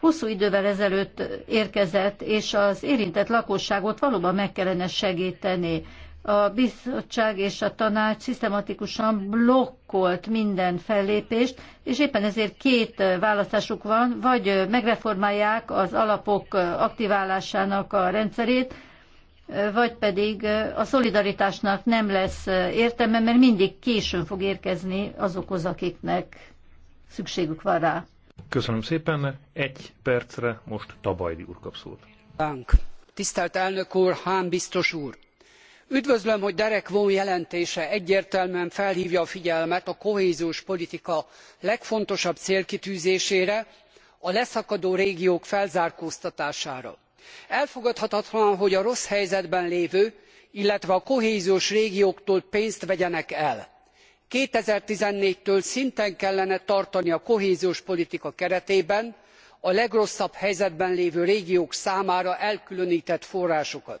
hosszú idővel ezelőtt érkezett, és az érintett lakosságot valóban meg kellene segíteni a bizottság és a tanács szisztematikusan blokkolt minden fellépést, és éppen ezért két választásuk van, vagy megreformálják az alapok aktiválásának a rendszerét, vagy pedig a szolidaritásnak nem lesz értelme, mert mindig későn fog érkezni azokhoz, akiknek szükségük van rá. Köszönöm szépen. Egy percre most Tabajdi úr kap szót. Bank. Tisztelt elnök úr, Hán biztos úr! üdvözlöm hogy derek vaughan jelentése egyértelműen felhvja a figyelmet a kohéziós politika legfontosabb célkitűzésére a leszakadó régiók felzárkóztatására. elfogadhatatlan hogy a rossz helyzetben lévő illetve a kohéziós régióktól pénzt vegyenek el. two thousand and fourteen től szinten kellene tartani a kohéziós politika keretében a legrosszabb helyzetben lévő régiók számára elkülöntett forrásokat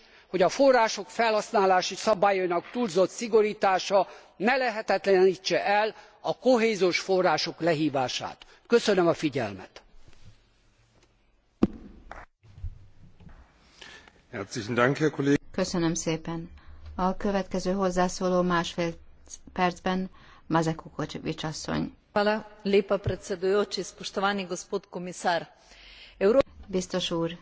hogy a források felhasználási szabályainak túlzott szigortása ne lehetetlentse el a kohéziós források lehvását. köszönöm a figyelmet. Köszönöm szépen. A következő másfél percben Biztos úr,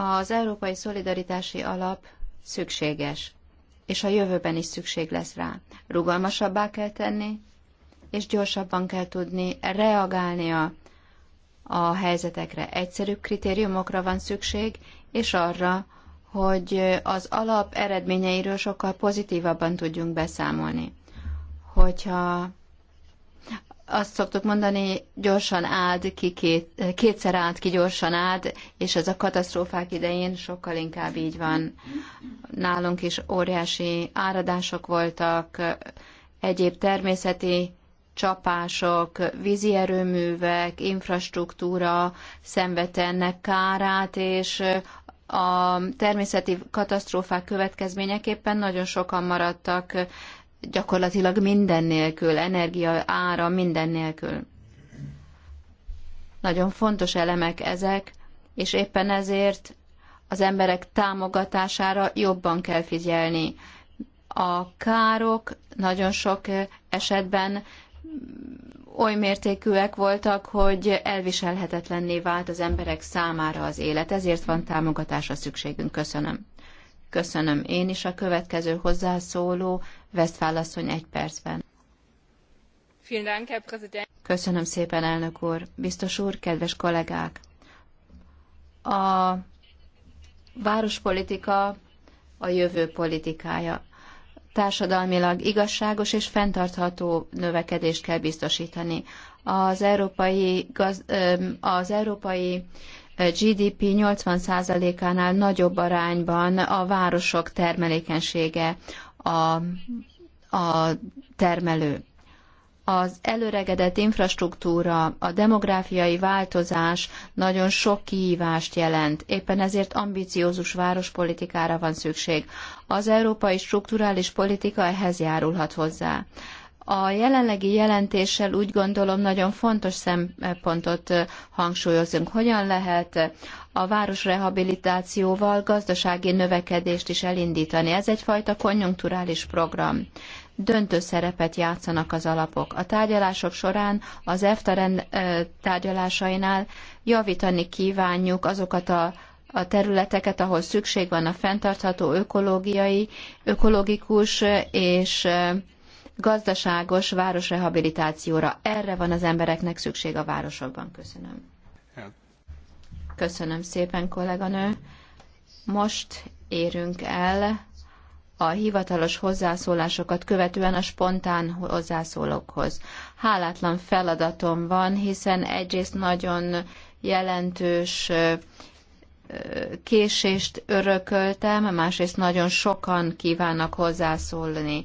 az Európai Szolidaritási Alap szükséges, és a jövőben is szükség lesz rá. Rugalmasabbá kell tenni, és gyorsabban kell tudni reagálnia a helyzetekre. Egyszerűbb kritériumokra van szükség, és arra, hogy az alap eredményeiről sokkal pozitívabban tudjunk beszámolni. Hogyha azt szoktuk mondani, gyorsan áld ki, két, kétszer áld ki, gyorsan áld, és ez a katasztrófák idején sokkal inkább így van. Nálunk is óriási áradások voltak, egyéb természeti csapások, vízi erőművek, infrastruktúra szenvedte ennek kárát, és a természeti katasztrófák következményeképpen nagyon sokan maradtak gyakorlatilag minden nélkül, energia ára minden nélkül. Nagyon fontos elemek ezek, és éppen ezért az emberek támogatására jobban kell figyelni. A károk nagyon sok esetben oly mértékűek voltak, hogy elviselhetetlenné vált az emberek számára az élet, ezért van támogatásra szükségünk. Köszönöm. Köszönöm én is a következő hozzászóló, Westfálasszony egy percben. Köszönöm szépen, elnök úr. Biztos úr, kedves kollégák! A várospolitika a jövő politikája. Társadalmilag igazságos és fenntartható növekedést kell biztosítani. Az európai, gaz, az európai GDP 80%-ánál nagyobb arányban a városok termelékenysége a, a termelő. Az előregedett infrastruktúra, a demográfiai változás nagyon sok kihívást jelent, éppen ezért ambiciózus várospolitikára van szükség. Az európai strukturális politika ehhez járulhat hozzá. A jelenlegi jelentéssel úgy gondolom nagyon fontos szempontot hangsúlyozunk. Hogyan lehet a városrehabilitációval gazdasági növekedést is elindítani? Ez egyfajta konjunkturális program döntő szerepet játszanak az alapok. A tárgyalások során az EFTA rend, tárgyalásainál javítani kívánjuk azokat a, a területeket, ahol szükség van a fenntartható ökológiai, ökológikus és gazdaságos városrehabilitációra. Erre van az embereknek szükség a városokban. Köszönöm. Köszönöm szépen, kolléganő. Most érünk el a hivatalos hozzászólásokat követően a spontán hozzászólókhoz. Hálátlan feladatom van, hiszen egyrészt nagyon jelentős késést örököltem, másrészt nagyon sokan kívánnak hozzászólni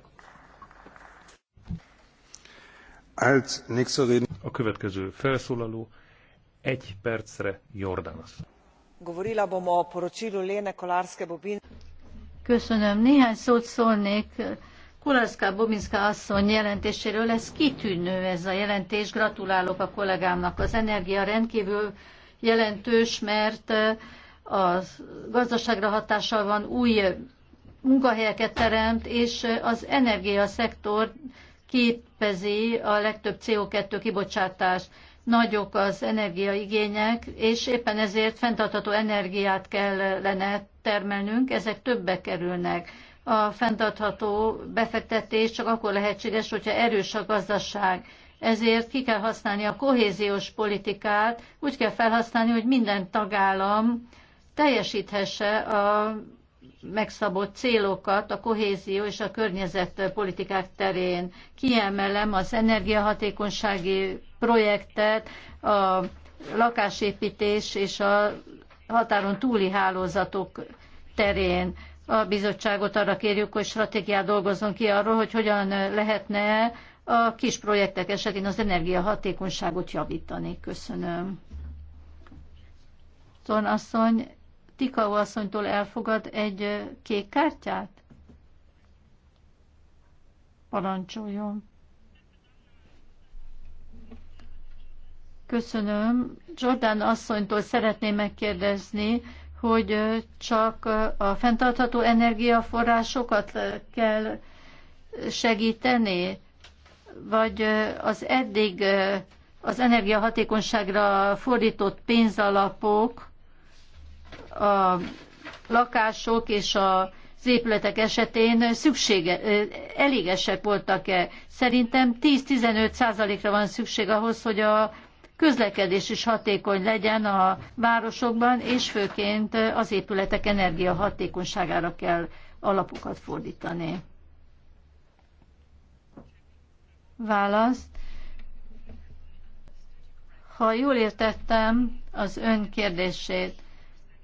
A következő felszólaló egy percre Jordanas. Govorila bomo o poročilu Lene Kolarske Bobin. Köszönöm. Néhány szót szólnék Kolarska Bobinska asszony jelentéséről. Ez kitűnő ez a jelentés. Gratulálok a kollégámnak. Az energia rendkívül jelentős, mert eh, a gazdaságra hatással van új munkahelyeket teremt, és eh, az energiaszektor két képezi a legtöbb CO2 kibocsátást. Nagyok az energiaigények, és éppen ezért fenntartható energiát kellene termelnünk, ezek többe kerülnek. A fenntartható befektetés csak akkor lehetséges, hogyha erős a gazdaság. Ezért ki kell használni a kohéziós politikát, úgy kell felhasználni, hogy minden tagállam teljesíthesse a megszabott célokat a kohézió és a környezetpolitikák terén. Kiemelem az energiahatékonysági projektet, a lakásépítés és a határon túli hálózatok terén. A bizottságot arra kérjük, hogy stratégiát dolgozzon ki arról, hogy hogyan lehetne a kis projektek esetén az energiahatékonyságot javítani. Köszönöm. Tornasszony, Tikau asszonytól elfogad egy kék kártyát? Parancsoljon. Köszönöm. Jordan asszonytól szeretném megkérdezni, hogy csak a fenntartható energiaforrásokat kell segíteni, vagy az eddig az energiahatékonyságra fordított pénzalapok a lakások és a az épületek esetén szüksége, elégesek voltak-e. Szerintem 10-15 százalékra van szükség ahhoz, hogy a közlekedés is hatékony legyen a városokban, és főként az épületek energiahatékonyságára kell alapokat fordítani. Válasz. Ha jól értettem az ön kérdését,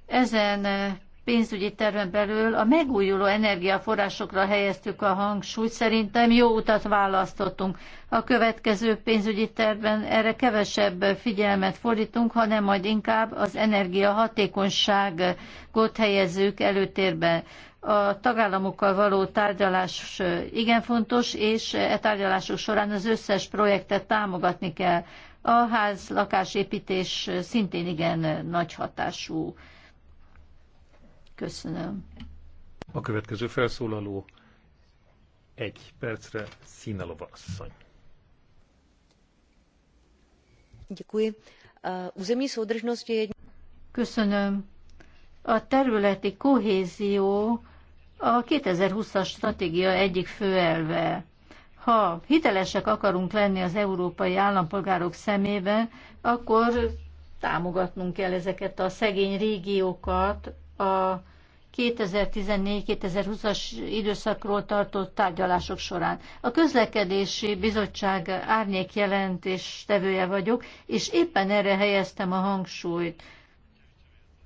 ezen eh, pénzügyi terven belül a megújuló energiaforrásokra helyeztük a hangsúlyt. Szerintem jó utat választottunk. A következő pénzügyi tervben erre kevesebb figyelmet fordítunk, hanem majd inkább az energiahatékonyságot helyezzük előtérbe. A tagállamokkal való tárgyalás eh, igen fontos, és e tárgyalások során az összes projektet támogatni kell. A ház lakásépítés szintén igen eh, nagy hatású Köszönöm. A következő felszólaló egy percre Színalova asszony. Köszönöm. A területi kohézió a 2020-as stratégia egyik főelve. Ha hitelesek akarunk lenni az európai állampolgárok szemében, akkor támogatnunk kell ezeket a szegény régiókat, a 2014-2020-as időszakról tartott tárgyalások során. A közlekedési bizottság árnyék jelentés tevője vagyok, és éppen erre helyeztem a hangsúlyt.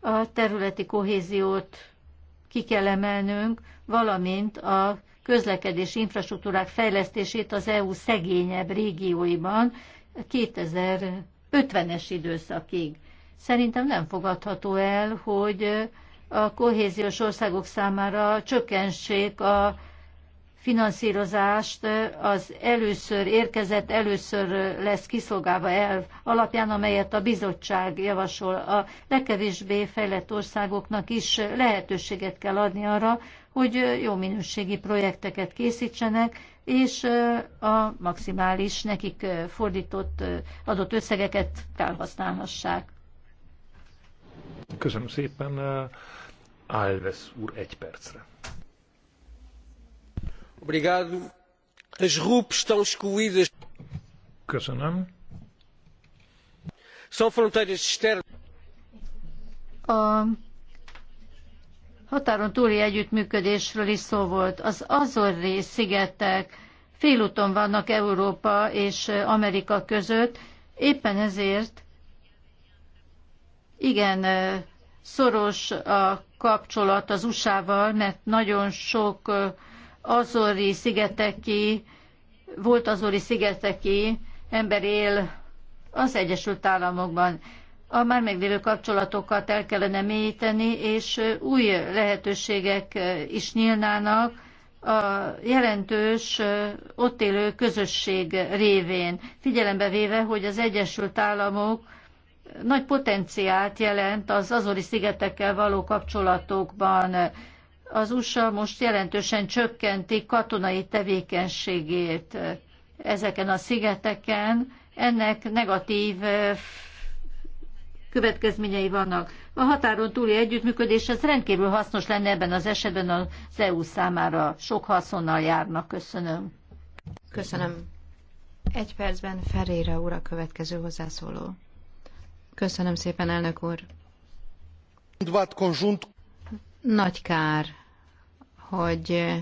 A területi kohéziót ki kell emelnünk, valamint a közlekedési infrastruktúrák fejlesztését az EU szegényebb régióiban 2050-es időszakig. Szerintem nem fogadható el, hogy a kohéziós országok számára csökkentsék a finanszírozást az először érkezett, először lesz kiszolgálva elv alapján, amelyet a bizottság javasol. A legkevésbé fejlett országoknak is lehetőséget kell adni arra, hogy jó minőségi projekteket készítsenek, és a maximális nekik fordított adott összegeket felhasználhassák. Köszönöm szépen. Alves úr egy percre. Obrigado. As RUP estão excluídas. Köszönöm. São fronteiras externas. A határon túli együttműködésről is szó volt. Az Azorri szigetek félúton vannak Európa és Amerika között, éppen ezért igen szoros a kapcsolat az USA-val, mert nagyon sok azori szigeteki, volt azori szigeteki ember él az Egyesült Államokban. A már meglévő kapcsolatokat el kellene mélyíteni, és új lehetőségek is nyílnának a jelentős ott élő közösség révén, figyelembe véve, hogy az Egyesült Államok nagy potenciált jelent az azori szigetekkel való kapcsolatokban. Az USA most jelentősen csökkenti katonai tevékenységét ezeken a szigeteken. Ennek negatív eh, következményei vannak. A határon túli együttműködés ez rendkívül hasznos lenne ebben az esetben az EU számára. Sok haszonnal járnak. Köszönöm. Köszönöm. Egy percben Ferére úr a következő hozzászóló. Köszönöm szépen, elnök úr. Nagy kár, hogy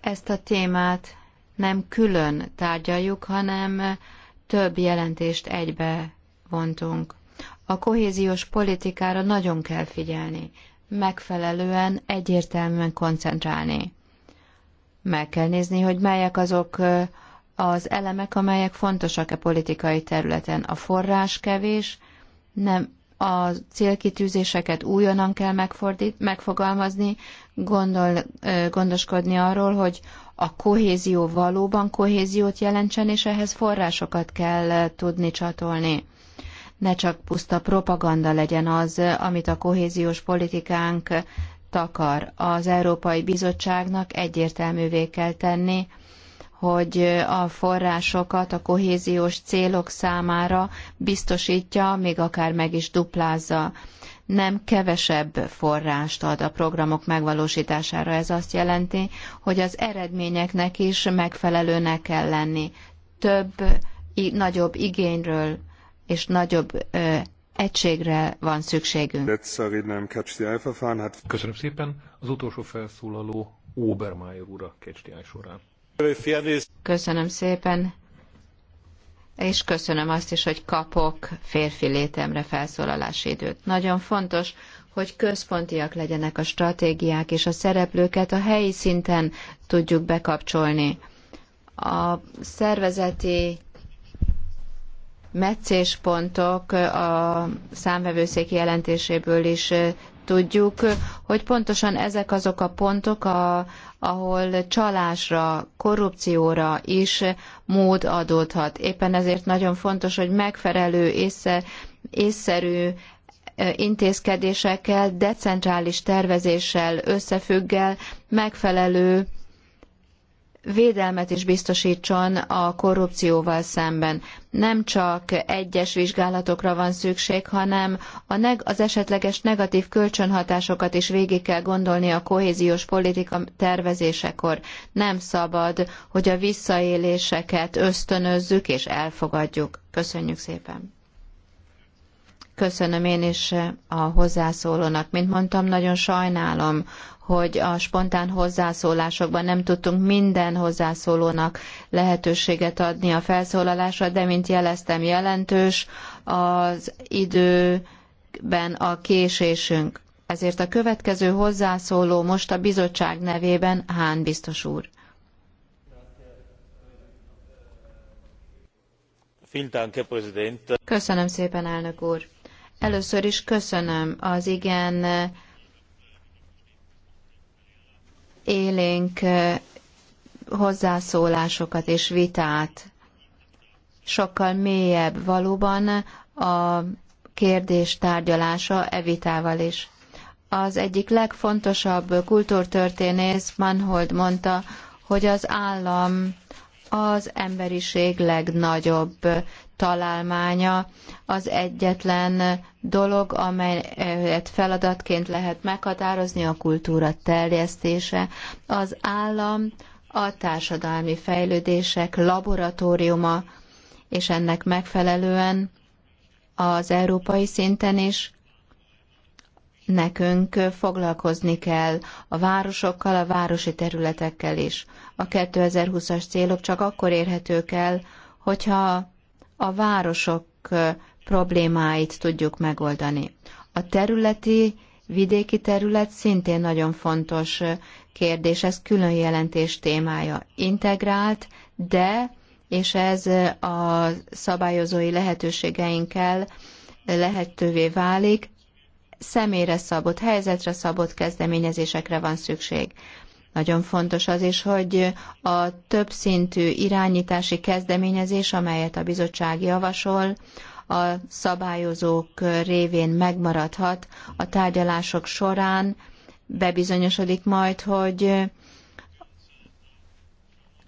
ezt a témát nem külön tárgyaljuk, hanem több jelentést egybe vontunk. A kohéziós politikára nagyon kell figyelni, megfelelően, egyértelműen koncentrálni. Meg kell nézni, hogy melyek azok az elemek, amelyek fontosak a e politikai területen. A forrás kevés, nem, a célkitűzéseket újonnan kell megfordít, megfogalmazni, gondol, gondoskodni arról, hogy a kohézió valóban kohéziót jelentsen, és ehhez forrásokat kell tudni csatolni. Ne csak puszta propaganda legyen az, amit a kohéziós politikánk takar. Az Európai Bizottságnak egyértelművé kell tenni, hogy a forrásokat a kohéziós célok számára biztosítja, még akár meg is duplázza. Nem kevesebb forrást ad a programok megvalósítására. Ez azt jelenti, hogy az eredményeknek is megfelelőnek kell lenni. Több, nagyobb igényről és nagyobb ö, egységre van szükségünk. Köszönöm szépen. Az utolsó felszólaló Obermeier úr a során. Köszönöm szépen, és köszönöm azt is, hogy kapok férfi létemre felszólalási időt. Nagyon fontos, hogy központiak legyenek a stratégiák, és a szereplőket a helyi szinten tudjuk bekapcsolni. A szervezeti meccéspontok a számvevőszék jelentéséből is tudjuk, hogy pontosan ezek azok a pontok, a, ahol csalásra, korrupcióra is mód adódhat. Éppen ezért nagyon fontos, hogy megfelelő, észre, észszerű e, intézkedésekkel, decentrális tervezéssel összefüggel megfelelő védelmet is biztosítson a korrupcióval szemben. Nem csak egyes vizsgálatokra van szükség, hanem az esetleges negatív kölcsönhatásokat is végig kell gondolni a kohéziós politika tervezésekor. Nem szabad, hogy a visszaéléseket ösztönözzük és elfogadjuk. Köszönjük szépen! Köszönöm én is a hozzászólónak. Mint mondtam, nagyon sajnálom, hogy a spontán hozzászólásokban nem tudtunk minden hozzászólónak lehetőséget adni a felszólalásra, de mint jeleztem, jelentős az időben a késésünk. Ezért a következő hozzászóló most a bizottság nevében Hán biztos úr. Köszönöm szépen, elnök úr. Először is köszönöm az igen élénk hozzászólásokat és vitát. Sokkal mélyebb valóban a kérdés tárgyalása evitával is. Az egyik legfontosabb kultúrtörténész Manhold mondta, hogy az állam az emberiség legnagyobb találmánya az egyetlen dolog, amelyet feladatként lehet meghatározni a kultúra terjesztése. Az állam a társadalmi fejlődések laboratóriuma, és ennek megfelelően az európai szinten is nekünk foglalkozni kell a városokkal, a városi területekkel is. A 2020-as célok csak akkor érhetők el, hogyha a városok problémáit tudjuk megoldani. A területi, vidéki terület szintén nagyon fontos kérdés, ez külön jelentés témája. Integrált, de, és ez a szabályozói lehetőségeinkkel lehetővé válik, személyre szabott, helyzetre szabott kezdeményezésekre van szükség. Nagyon fontos az is, hogy a többszintű irányítási kezdeményezés, amelyet a bizottság javasol, a szabályozók révén megmaradhat a tárgyalások során, bebizonyosodik majd, hogy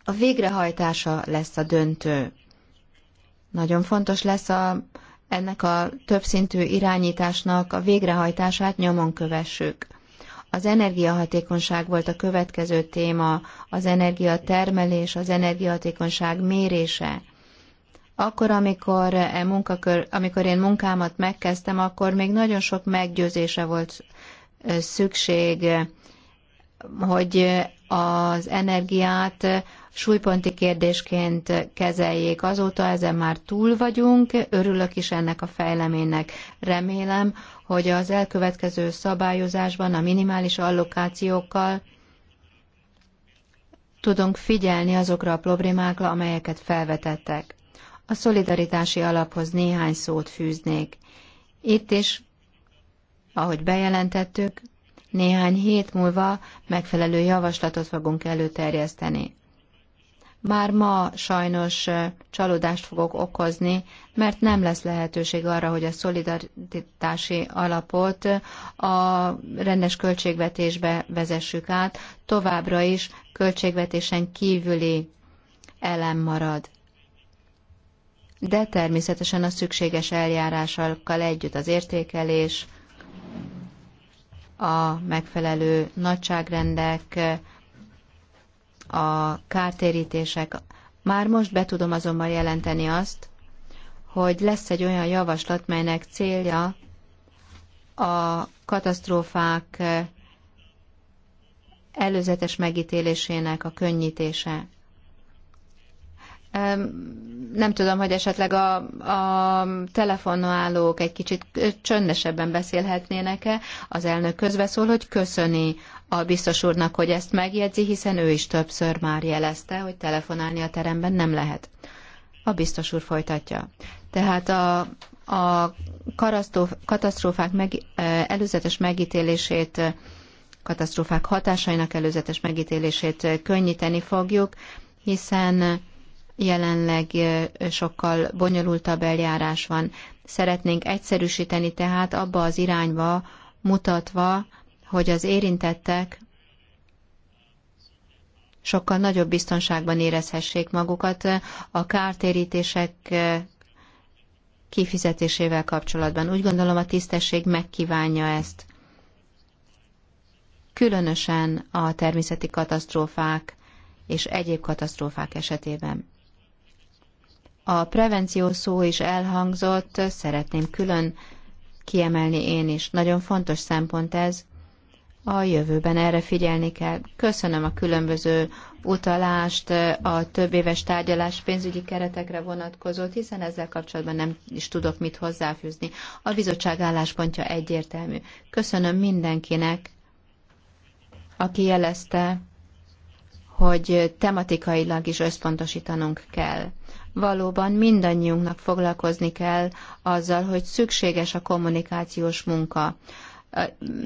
a végrehajtása lesz a döntő. Nagyon fontos lesz a, ennek a többszintű irányításnak a végrehajtását nyomon kövessük. Az energiahatékonyság volt a következő téma, az energiatermelés, az energiahatékonyság mérése. Akkor, amikor, e munkakör, amikor én munkámat megkezdtem, akkor még nagyon sok meggyőzése volt szükség, hogy az energiát súlyponti kérdésként kezeljék. Azóta ezen már túl vagyunk, örülök is ennek a fejleménynek. Remélem, hogy az elkövetkező szabályozásban a minimális allokációkkal tudunk figyelni azokra a problémákra, amelyeket felvetettek. A szolidaritási alaphoz néhány szót fűznék. Itt is, ahogy bejelentettük, néhány hét múlva megfelelő javaslatot fogunk előterjeszteni. Már ma sajnos csalódást fogok okozni, mert nem lesz lehetőség arra, hogy a szolidaritási alapot a rendes költségvetésbe vezessük át, továbbra is költségvetésen kívüli elem marad de természetesen a szükséges eljárásokkal együtt az értékelés, a megfelelő nagyságrendek, a kártérítések. Már most be tudom azonban jelenteni azt, hogy lesz egy olyan javaslat, melynek célja a katasztrófák előzetes megítélésének a könnyítése. Nem tudom, hogy esetleg a, a telefonálók egy kicsit csöndesebben beszélhetnének-e. Az elnök közbeszól, hogy köszöni a biztos úrnak, hogy ezt megjegyzi, hiszen ő is többször már jelezte, hogy telefonálni a teremben nem lehet. A biztos úr folytatja. Tehát a, a katasztrófák meg, előzetes megítélését, katasztrófák hatásainak előzetes megítélését könnyíteni fogjuk, hiszen jelenleg sokkal bonyolultabb eljárás van. Szeretnénk egyszerűsíteni tehát abba az irányba mutatva, hogy az érintettek sokkal nagyobb biztonságban érezhessék magukat a kártérítések kifizetésével kapcsolatban. Úgy gondolom a tisztesség megkívánja ezt. Különösen a természeti katasztrófák és egyéb katasztrófák esetében. A prevenció szó is elhangzott, szeretném külön kiemelni én is. Nagyon fontos szempont ez, a jövőben erre figyelni kell. Köszönöm a különböző utalást a több éves tárgyalás pénzügyi keretekre vonatkozott, hiszen ezzel kapcsolatban nem is tudok mit hozzáfűzni. A bizottság álláspontja egyértelmű. Köszönöm mindenkinek, aki jelezte, hogy tematikailag is összpontosítanunk kell. Valóban mindannyiunknak foglalkozni kell azzal, hogy szükséges a kommunikációs munka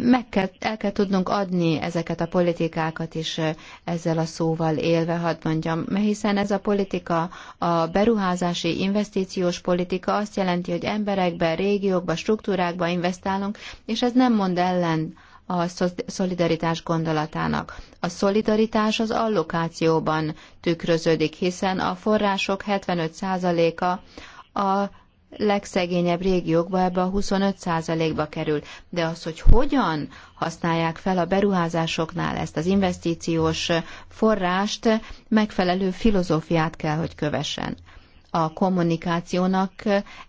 meg kell, el kell tudnunk adni ezeket a politikákat is ezzel a szóval élve, hadd mondjam, mert hiszen ez a politika, a beruházási investíciós politika azt jelenti, hogy emberekbe, régiókba, struktúrákba investálunk, és ez nem mond ellen a szolidaritás gondolatának. A szolidaritás az allokációban tükröződik, hiszen a források 75%-a a legszegényebb régiókba ebbe a 25%-ba kerül. De az, hogy hogyan használják fel a beruházásoknál ezt az investíciós forrást, megfelelő filozófiát kell, hogy kövessen. A kommunikációnak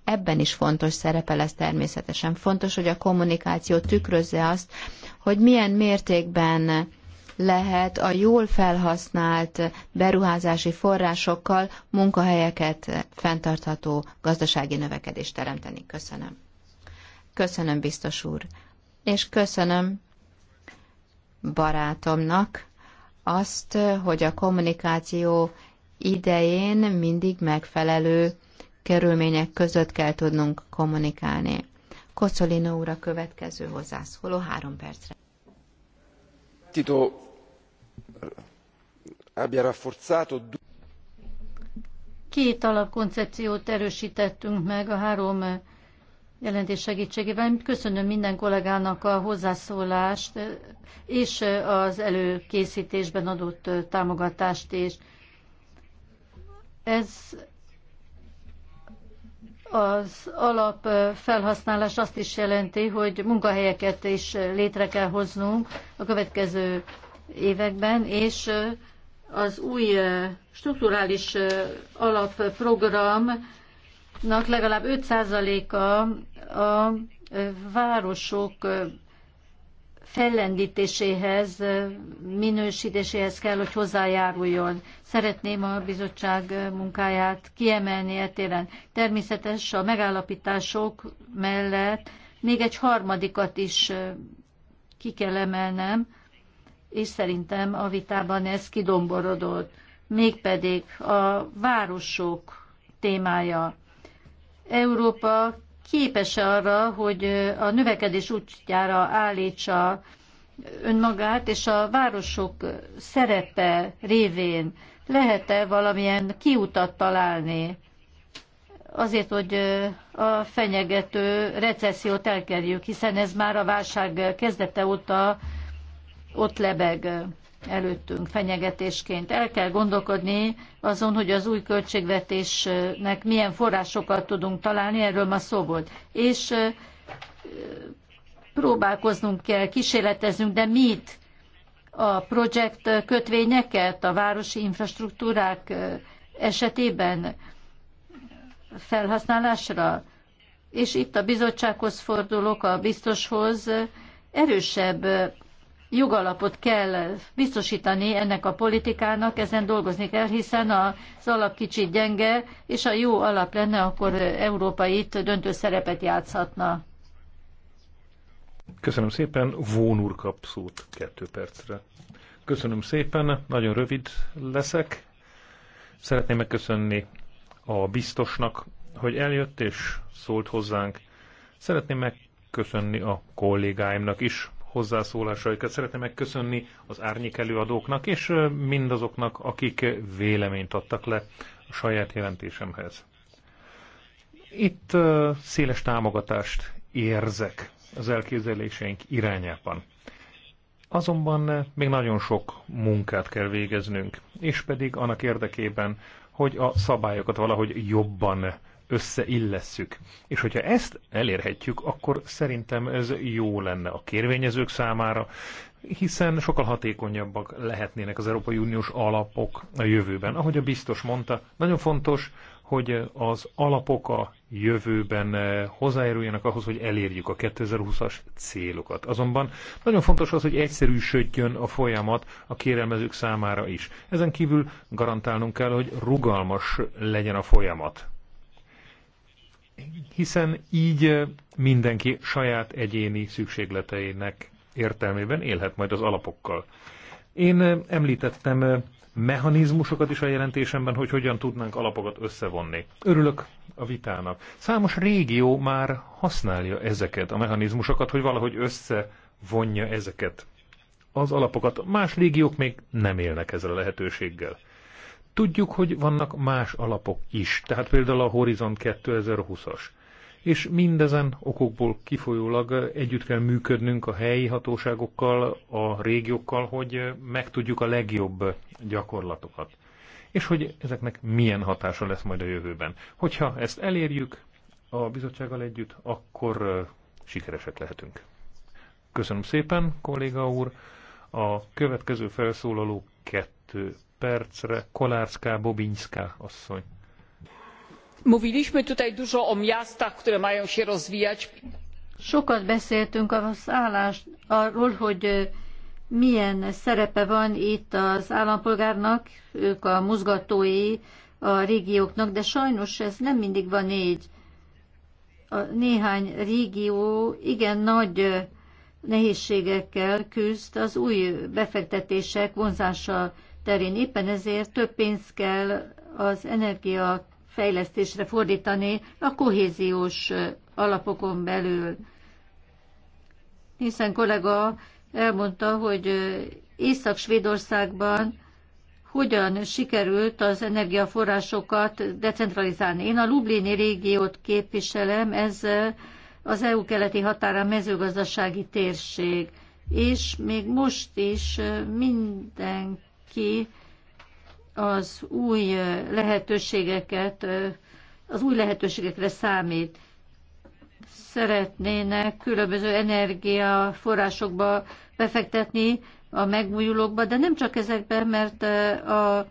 ebben is fontos szerepe lesz természetesen. Fontos, hogy a kommunikáció tükrözze azt, hogy milyen mértékben lehet a jól felhasznált beruházási forrásokkal munkahelyeket fenntartható gazdasági növekedést teremteni. Köszönöm. Köszönöm, biztos úr. És köszönöm barátomnak azt, hogy a kommunikáció idején mindig megfelelő körülmények között kell tudnunk kommunikálni. Kocolino úr a következő hozzászóló három percre. Tito Két alapkoncepciót erősítettünk meg a három jelentés segítségével. Köszönöm minden kollégának a hozzászólást és az előkészítésben adott támogatást is. Ez az alap felhasználás azt is jelenti, hogy munkahelyeket is létre kell hoznunk a következő években, és az új strukturális alapprogramnak legalább 5%-a a városok fellendítéséhez, minősítéséhez kell, hogy hozzájáruljon. Szeretném a bizottság munkáját kiemelni etéren. Természetes a megállapítások mellett még egy harmadikat is ki kell emelnem, és szerintem a vitában ez kidomborodott, mégpedig a városok témája. Európa képes arra, hogy a növekedés útjára állítsa önmagát, és a városok szerepe révén lehet-e valamilyen kiutat találni azért, hogy a fenyegető recessziót elkerüljük, hiszen ez már a válság kezdete óta ott lebeg előttünk fenyegetésként. El kell gondolkodni azon, hogy az új költségvetésnek milyen forrásokat tudunk találni, erről ma szó volt. És próbálkoznunk kell, kísérletezünk, de mit? A projekt kötvényeket, a városi infrastruktúrák esetében felhasználásra? És itt a bizottsághoz fordulok, a biztoshoz erősebb jogalapot kell biztosítani ennek a politikának, ezen dolgozni kell, hiszen az alap kicsit gyenge, és a jó alap lenne, akkor Európa itt döntő szerepet játszhatna. Köszönöm szépen, Vón úr kap szót kettő percre. Köszönöm szépen, nagyon rövid leszek. Szeretném megköszönni a biztosnak, hogy eljött és szólt hozzánk. Szeretném megköszönni a kollégáimnak is, hozzászólásaikat. Szeretném megköszönni az árnyék előadóknak és mindazoknak, akik véleményt adtak le a saját jelentésemhez. Itt széles támogatást érzek az elképzeléseink irányában. Azonban még nagyon sok munkát kell végeznünk, és pedig annak érdekében, hogy a szabályokat valahogy jobban összeillesszük. És hogyha ezt elérhetjük, akkor szerintem ez jó lenne a kérvényezők számára, hiszen sokkal hatékonyabbak lehetnének az Európai Uniós alapok a jövőben. Ahogy a biztos mondta, nagyon fontos, hogy az alapok a jövőben hozzájáruljanak ahhoz, hogy elérjük a 2020-as célokat. Azonban nagyon fontos az, hogy egyszerűsödjön a folyamat a kérelmezők számára is. Ezen kívül garantálnunk kell, hogy rugalmas legyen a folyamat hiszen így mindenki saját egyéni szükségleteinek értelmében élhet majd az alapokkal. Én említettem mechanizmusokat is a jelentésemben, hogy hogyan tudnánk alapokat összevonni. Örülök a vitának. Számos régió már használja ezeket a mechanizmusokat, hogy valahogy összevonja ezeket az alapokat. Más régiók még nem élnek ezzel a lehetőséggel. Tudjuk, hogy vannak más alapok is, tehát például a horizont 2020-as. És mindezen okokból kifolyólag együtt kell működnünk a helyi hatóságokkal, a régiókkal, hogy megtudjuk a legjobb gyakorlatokat. És hogy ezeknek milyen hatása lesz majd a jövőben. Hogyha ezt elérjük a bizottsággal együtt, akkor sikeresek lehetünk. Köszönöm szépen, kolléga úr. A következő felszólaló kettő percre Kolárszká Bobińská asszony. Mówiliśmy tutaj dużo o miastach, które mają się rozwijać. Sokat beszéltünk a szállás arról, hogy milyen szerepe van itt az állampolgárnak, ők a mozgatói a régióknak, de sajnos ez nem mindig van így. A néhány régió igen nagy nehézségekkel küzd az új befektetések vonzása terén. Éppen ezért több pénzt kell az energia fejlesztésre fordítani a kohéziós alapokon belül. Hiszen kollega elmondta, hogy Észak-Svédországban hogyan sikerült az energiaforrásokat decentralizálni. Én a Lublini régiót képviselem, ez az EU keleti határa mezőgazdasági térség, és még most is minden ki az új lehetőségeket, az új lehetőségekre számít. Szeretnének különböző energiaforrásokba befektetni, a megújulókba, de nem csak ezekben, mert a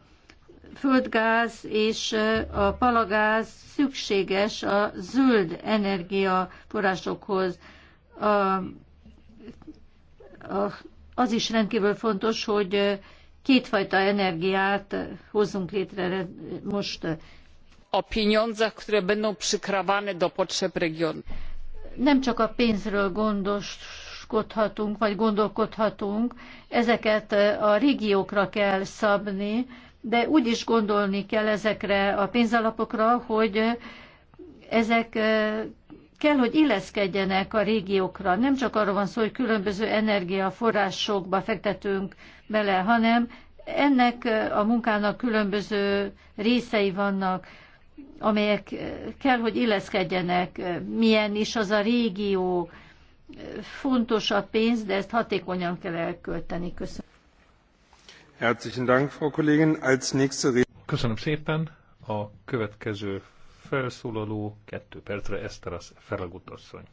földgáz és a palagáz szükséges a zöld energiaforrásokhoz. A, a, az is rendkívül fontos, hogy kétfajta energiát eh, hozzunk létre most. Eh, o pieniądzach, które będą przykrawane do potrzeb regionu. Nem csak a pénzről gondoskodhatunk, vagy gondolkodhatunk, ezeket eh, a régiókra kell szabni, de úgy is gondolni kell ezekre a pénzalapokra, hogy ezek kell, hogy illeszkedjenek a régiókra. Nem csak arról van szó, hogy különböző energiaforrásokba fektetünk bele, hanem ennek a munkának különböző részei vannak, amelyek kell, hogy illeszkedjenek. Milyen is az a régió, fontos a pénz, de ezt hatékonyan kell elkölteni. Köszönöm. Herzlichen Dank, Frau Kollegin. Als nächste Köszönöm szépen. A következő felszólaló, kettő percre Eszteras Feragut asszony.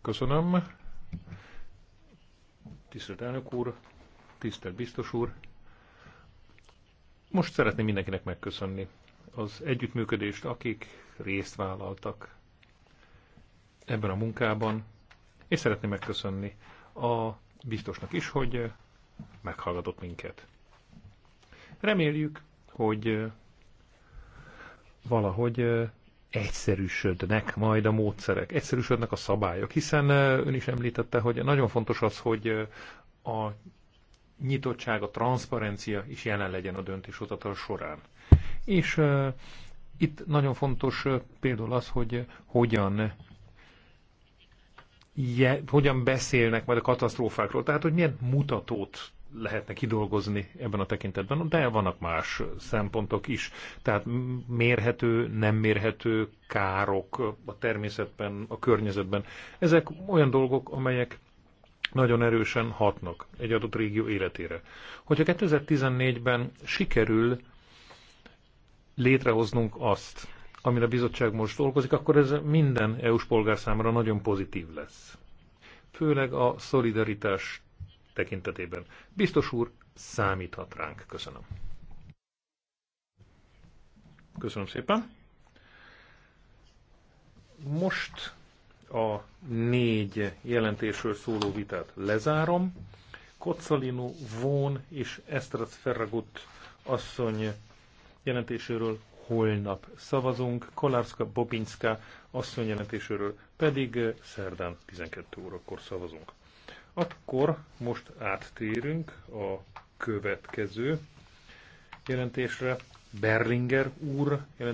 Köszönöm. Tisztelt elnök úr, tisztelt biztos úr. Most szeretném mindenkinek megköszönni az együttműködést, akik részt vállaltak ebben a munkában, és szeretném megköszönni a biztosnak is, hogy meghallgatott minket. Reméljük, hogy valahogy egyszerűsödnek majd a módszerek, egyszerűsödnek a szabályok, hiszen ön is említette, hogy nagyon fontos az, hogy a nyitottság, a transzparencia is jelen legyen a döntéshozatal során. És uh, itt nagyon fontos uh, például az, hogy hogyan je, hogyan beszélnek majd a katasztrófákról, tehát hogy milyen mutatót lehetne kidolgozni ebben a tekintetben, de vannak más szempontok is. Tehát mérhető, nem mérhető károk a természetben, a környezetben. Ezek olyan dolgok, amelyek nagyon erősen hatnak egy adott régió életére. Hogyha 2014-ben sikerül létrehoznunk azt, amire a bizottság most dolgozik, akkor ez minden EU-s polgár számára nagyon pozitív lesz. Főleg a szolidaritás tekintetében. Biztos úr, számíthat ránk. Köszönöm. Köszönöm szépen. Most a négy jelentésről szóló vitát lezárom. Kocsalino, Vón és Estrad Ferragut asszony jelentéséről holnap szavazunk, Kolárszka Bobinska asszony jelentéséről pedig szerdán 12 órakor szavazunk. Akkor most áttérünk a következő jelentésre. Berlinger úr jelent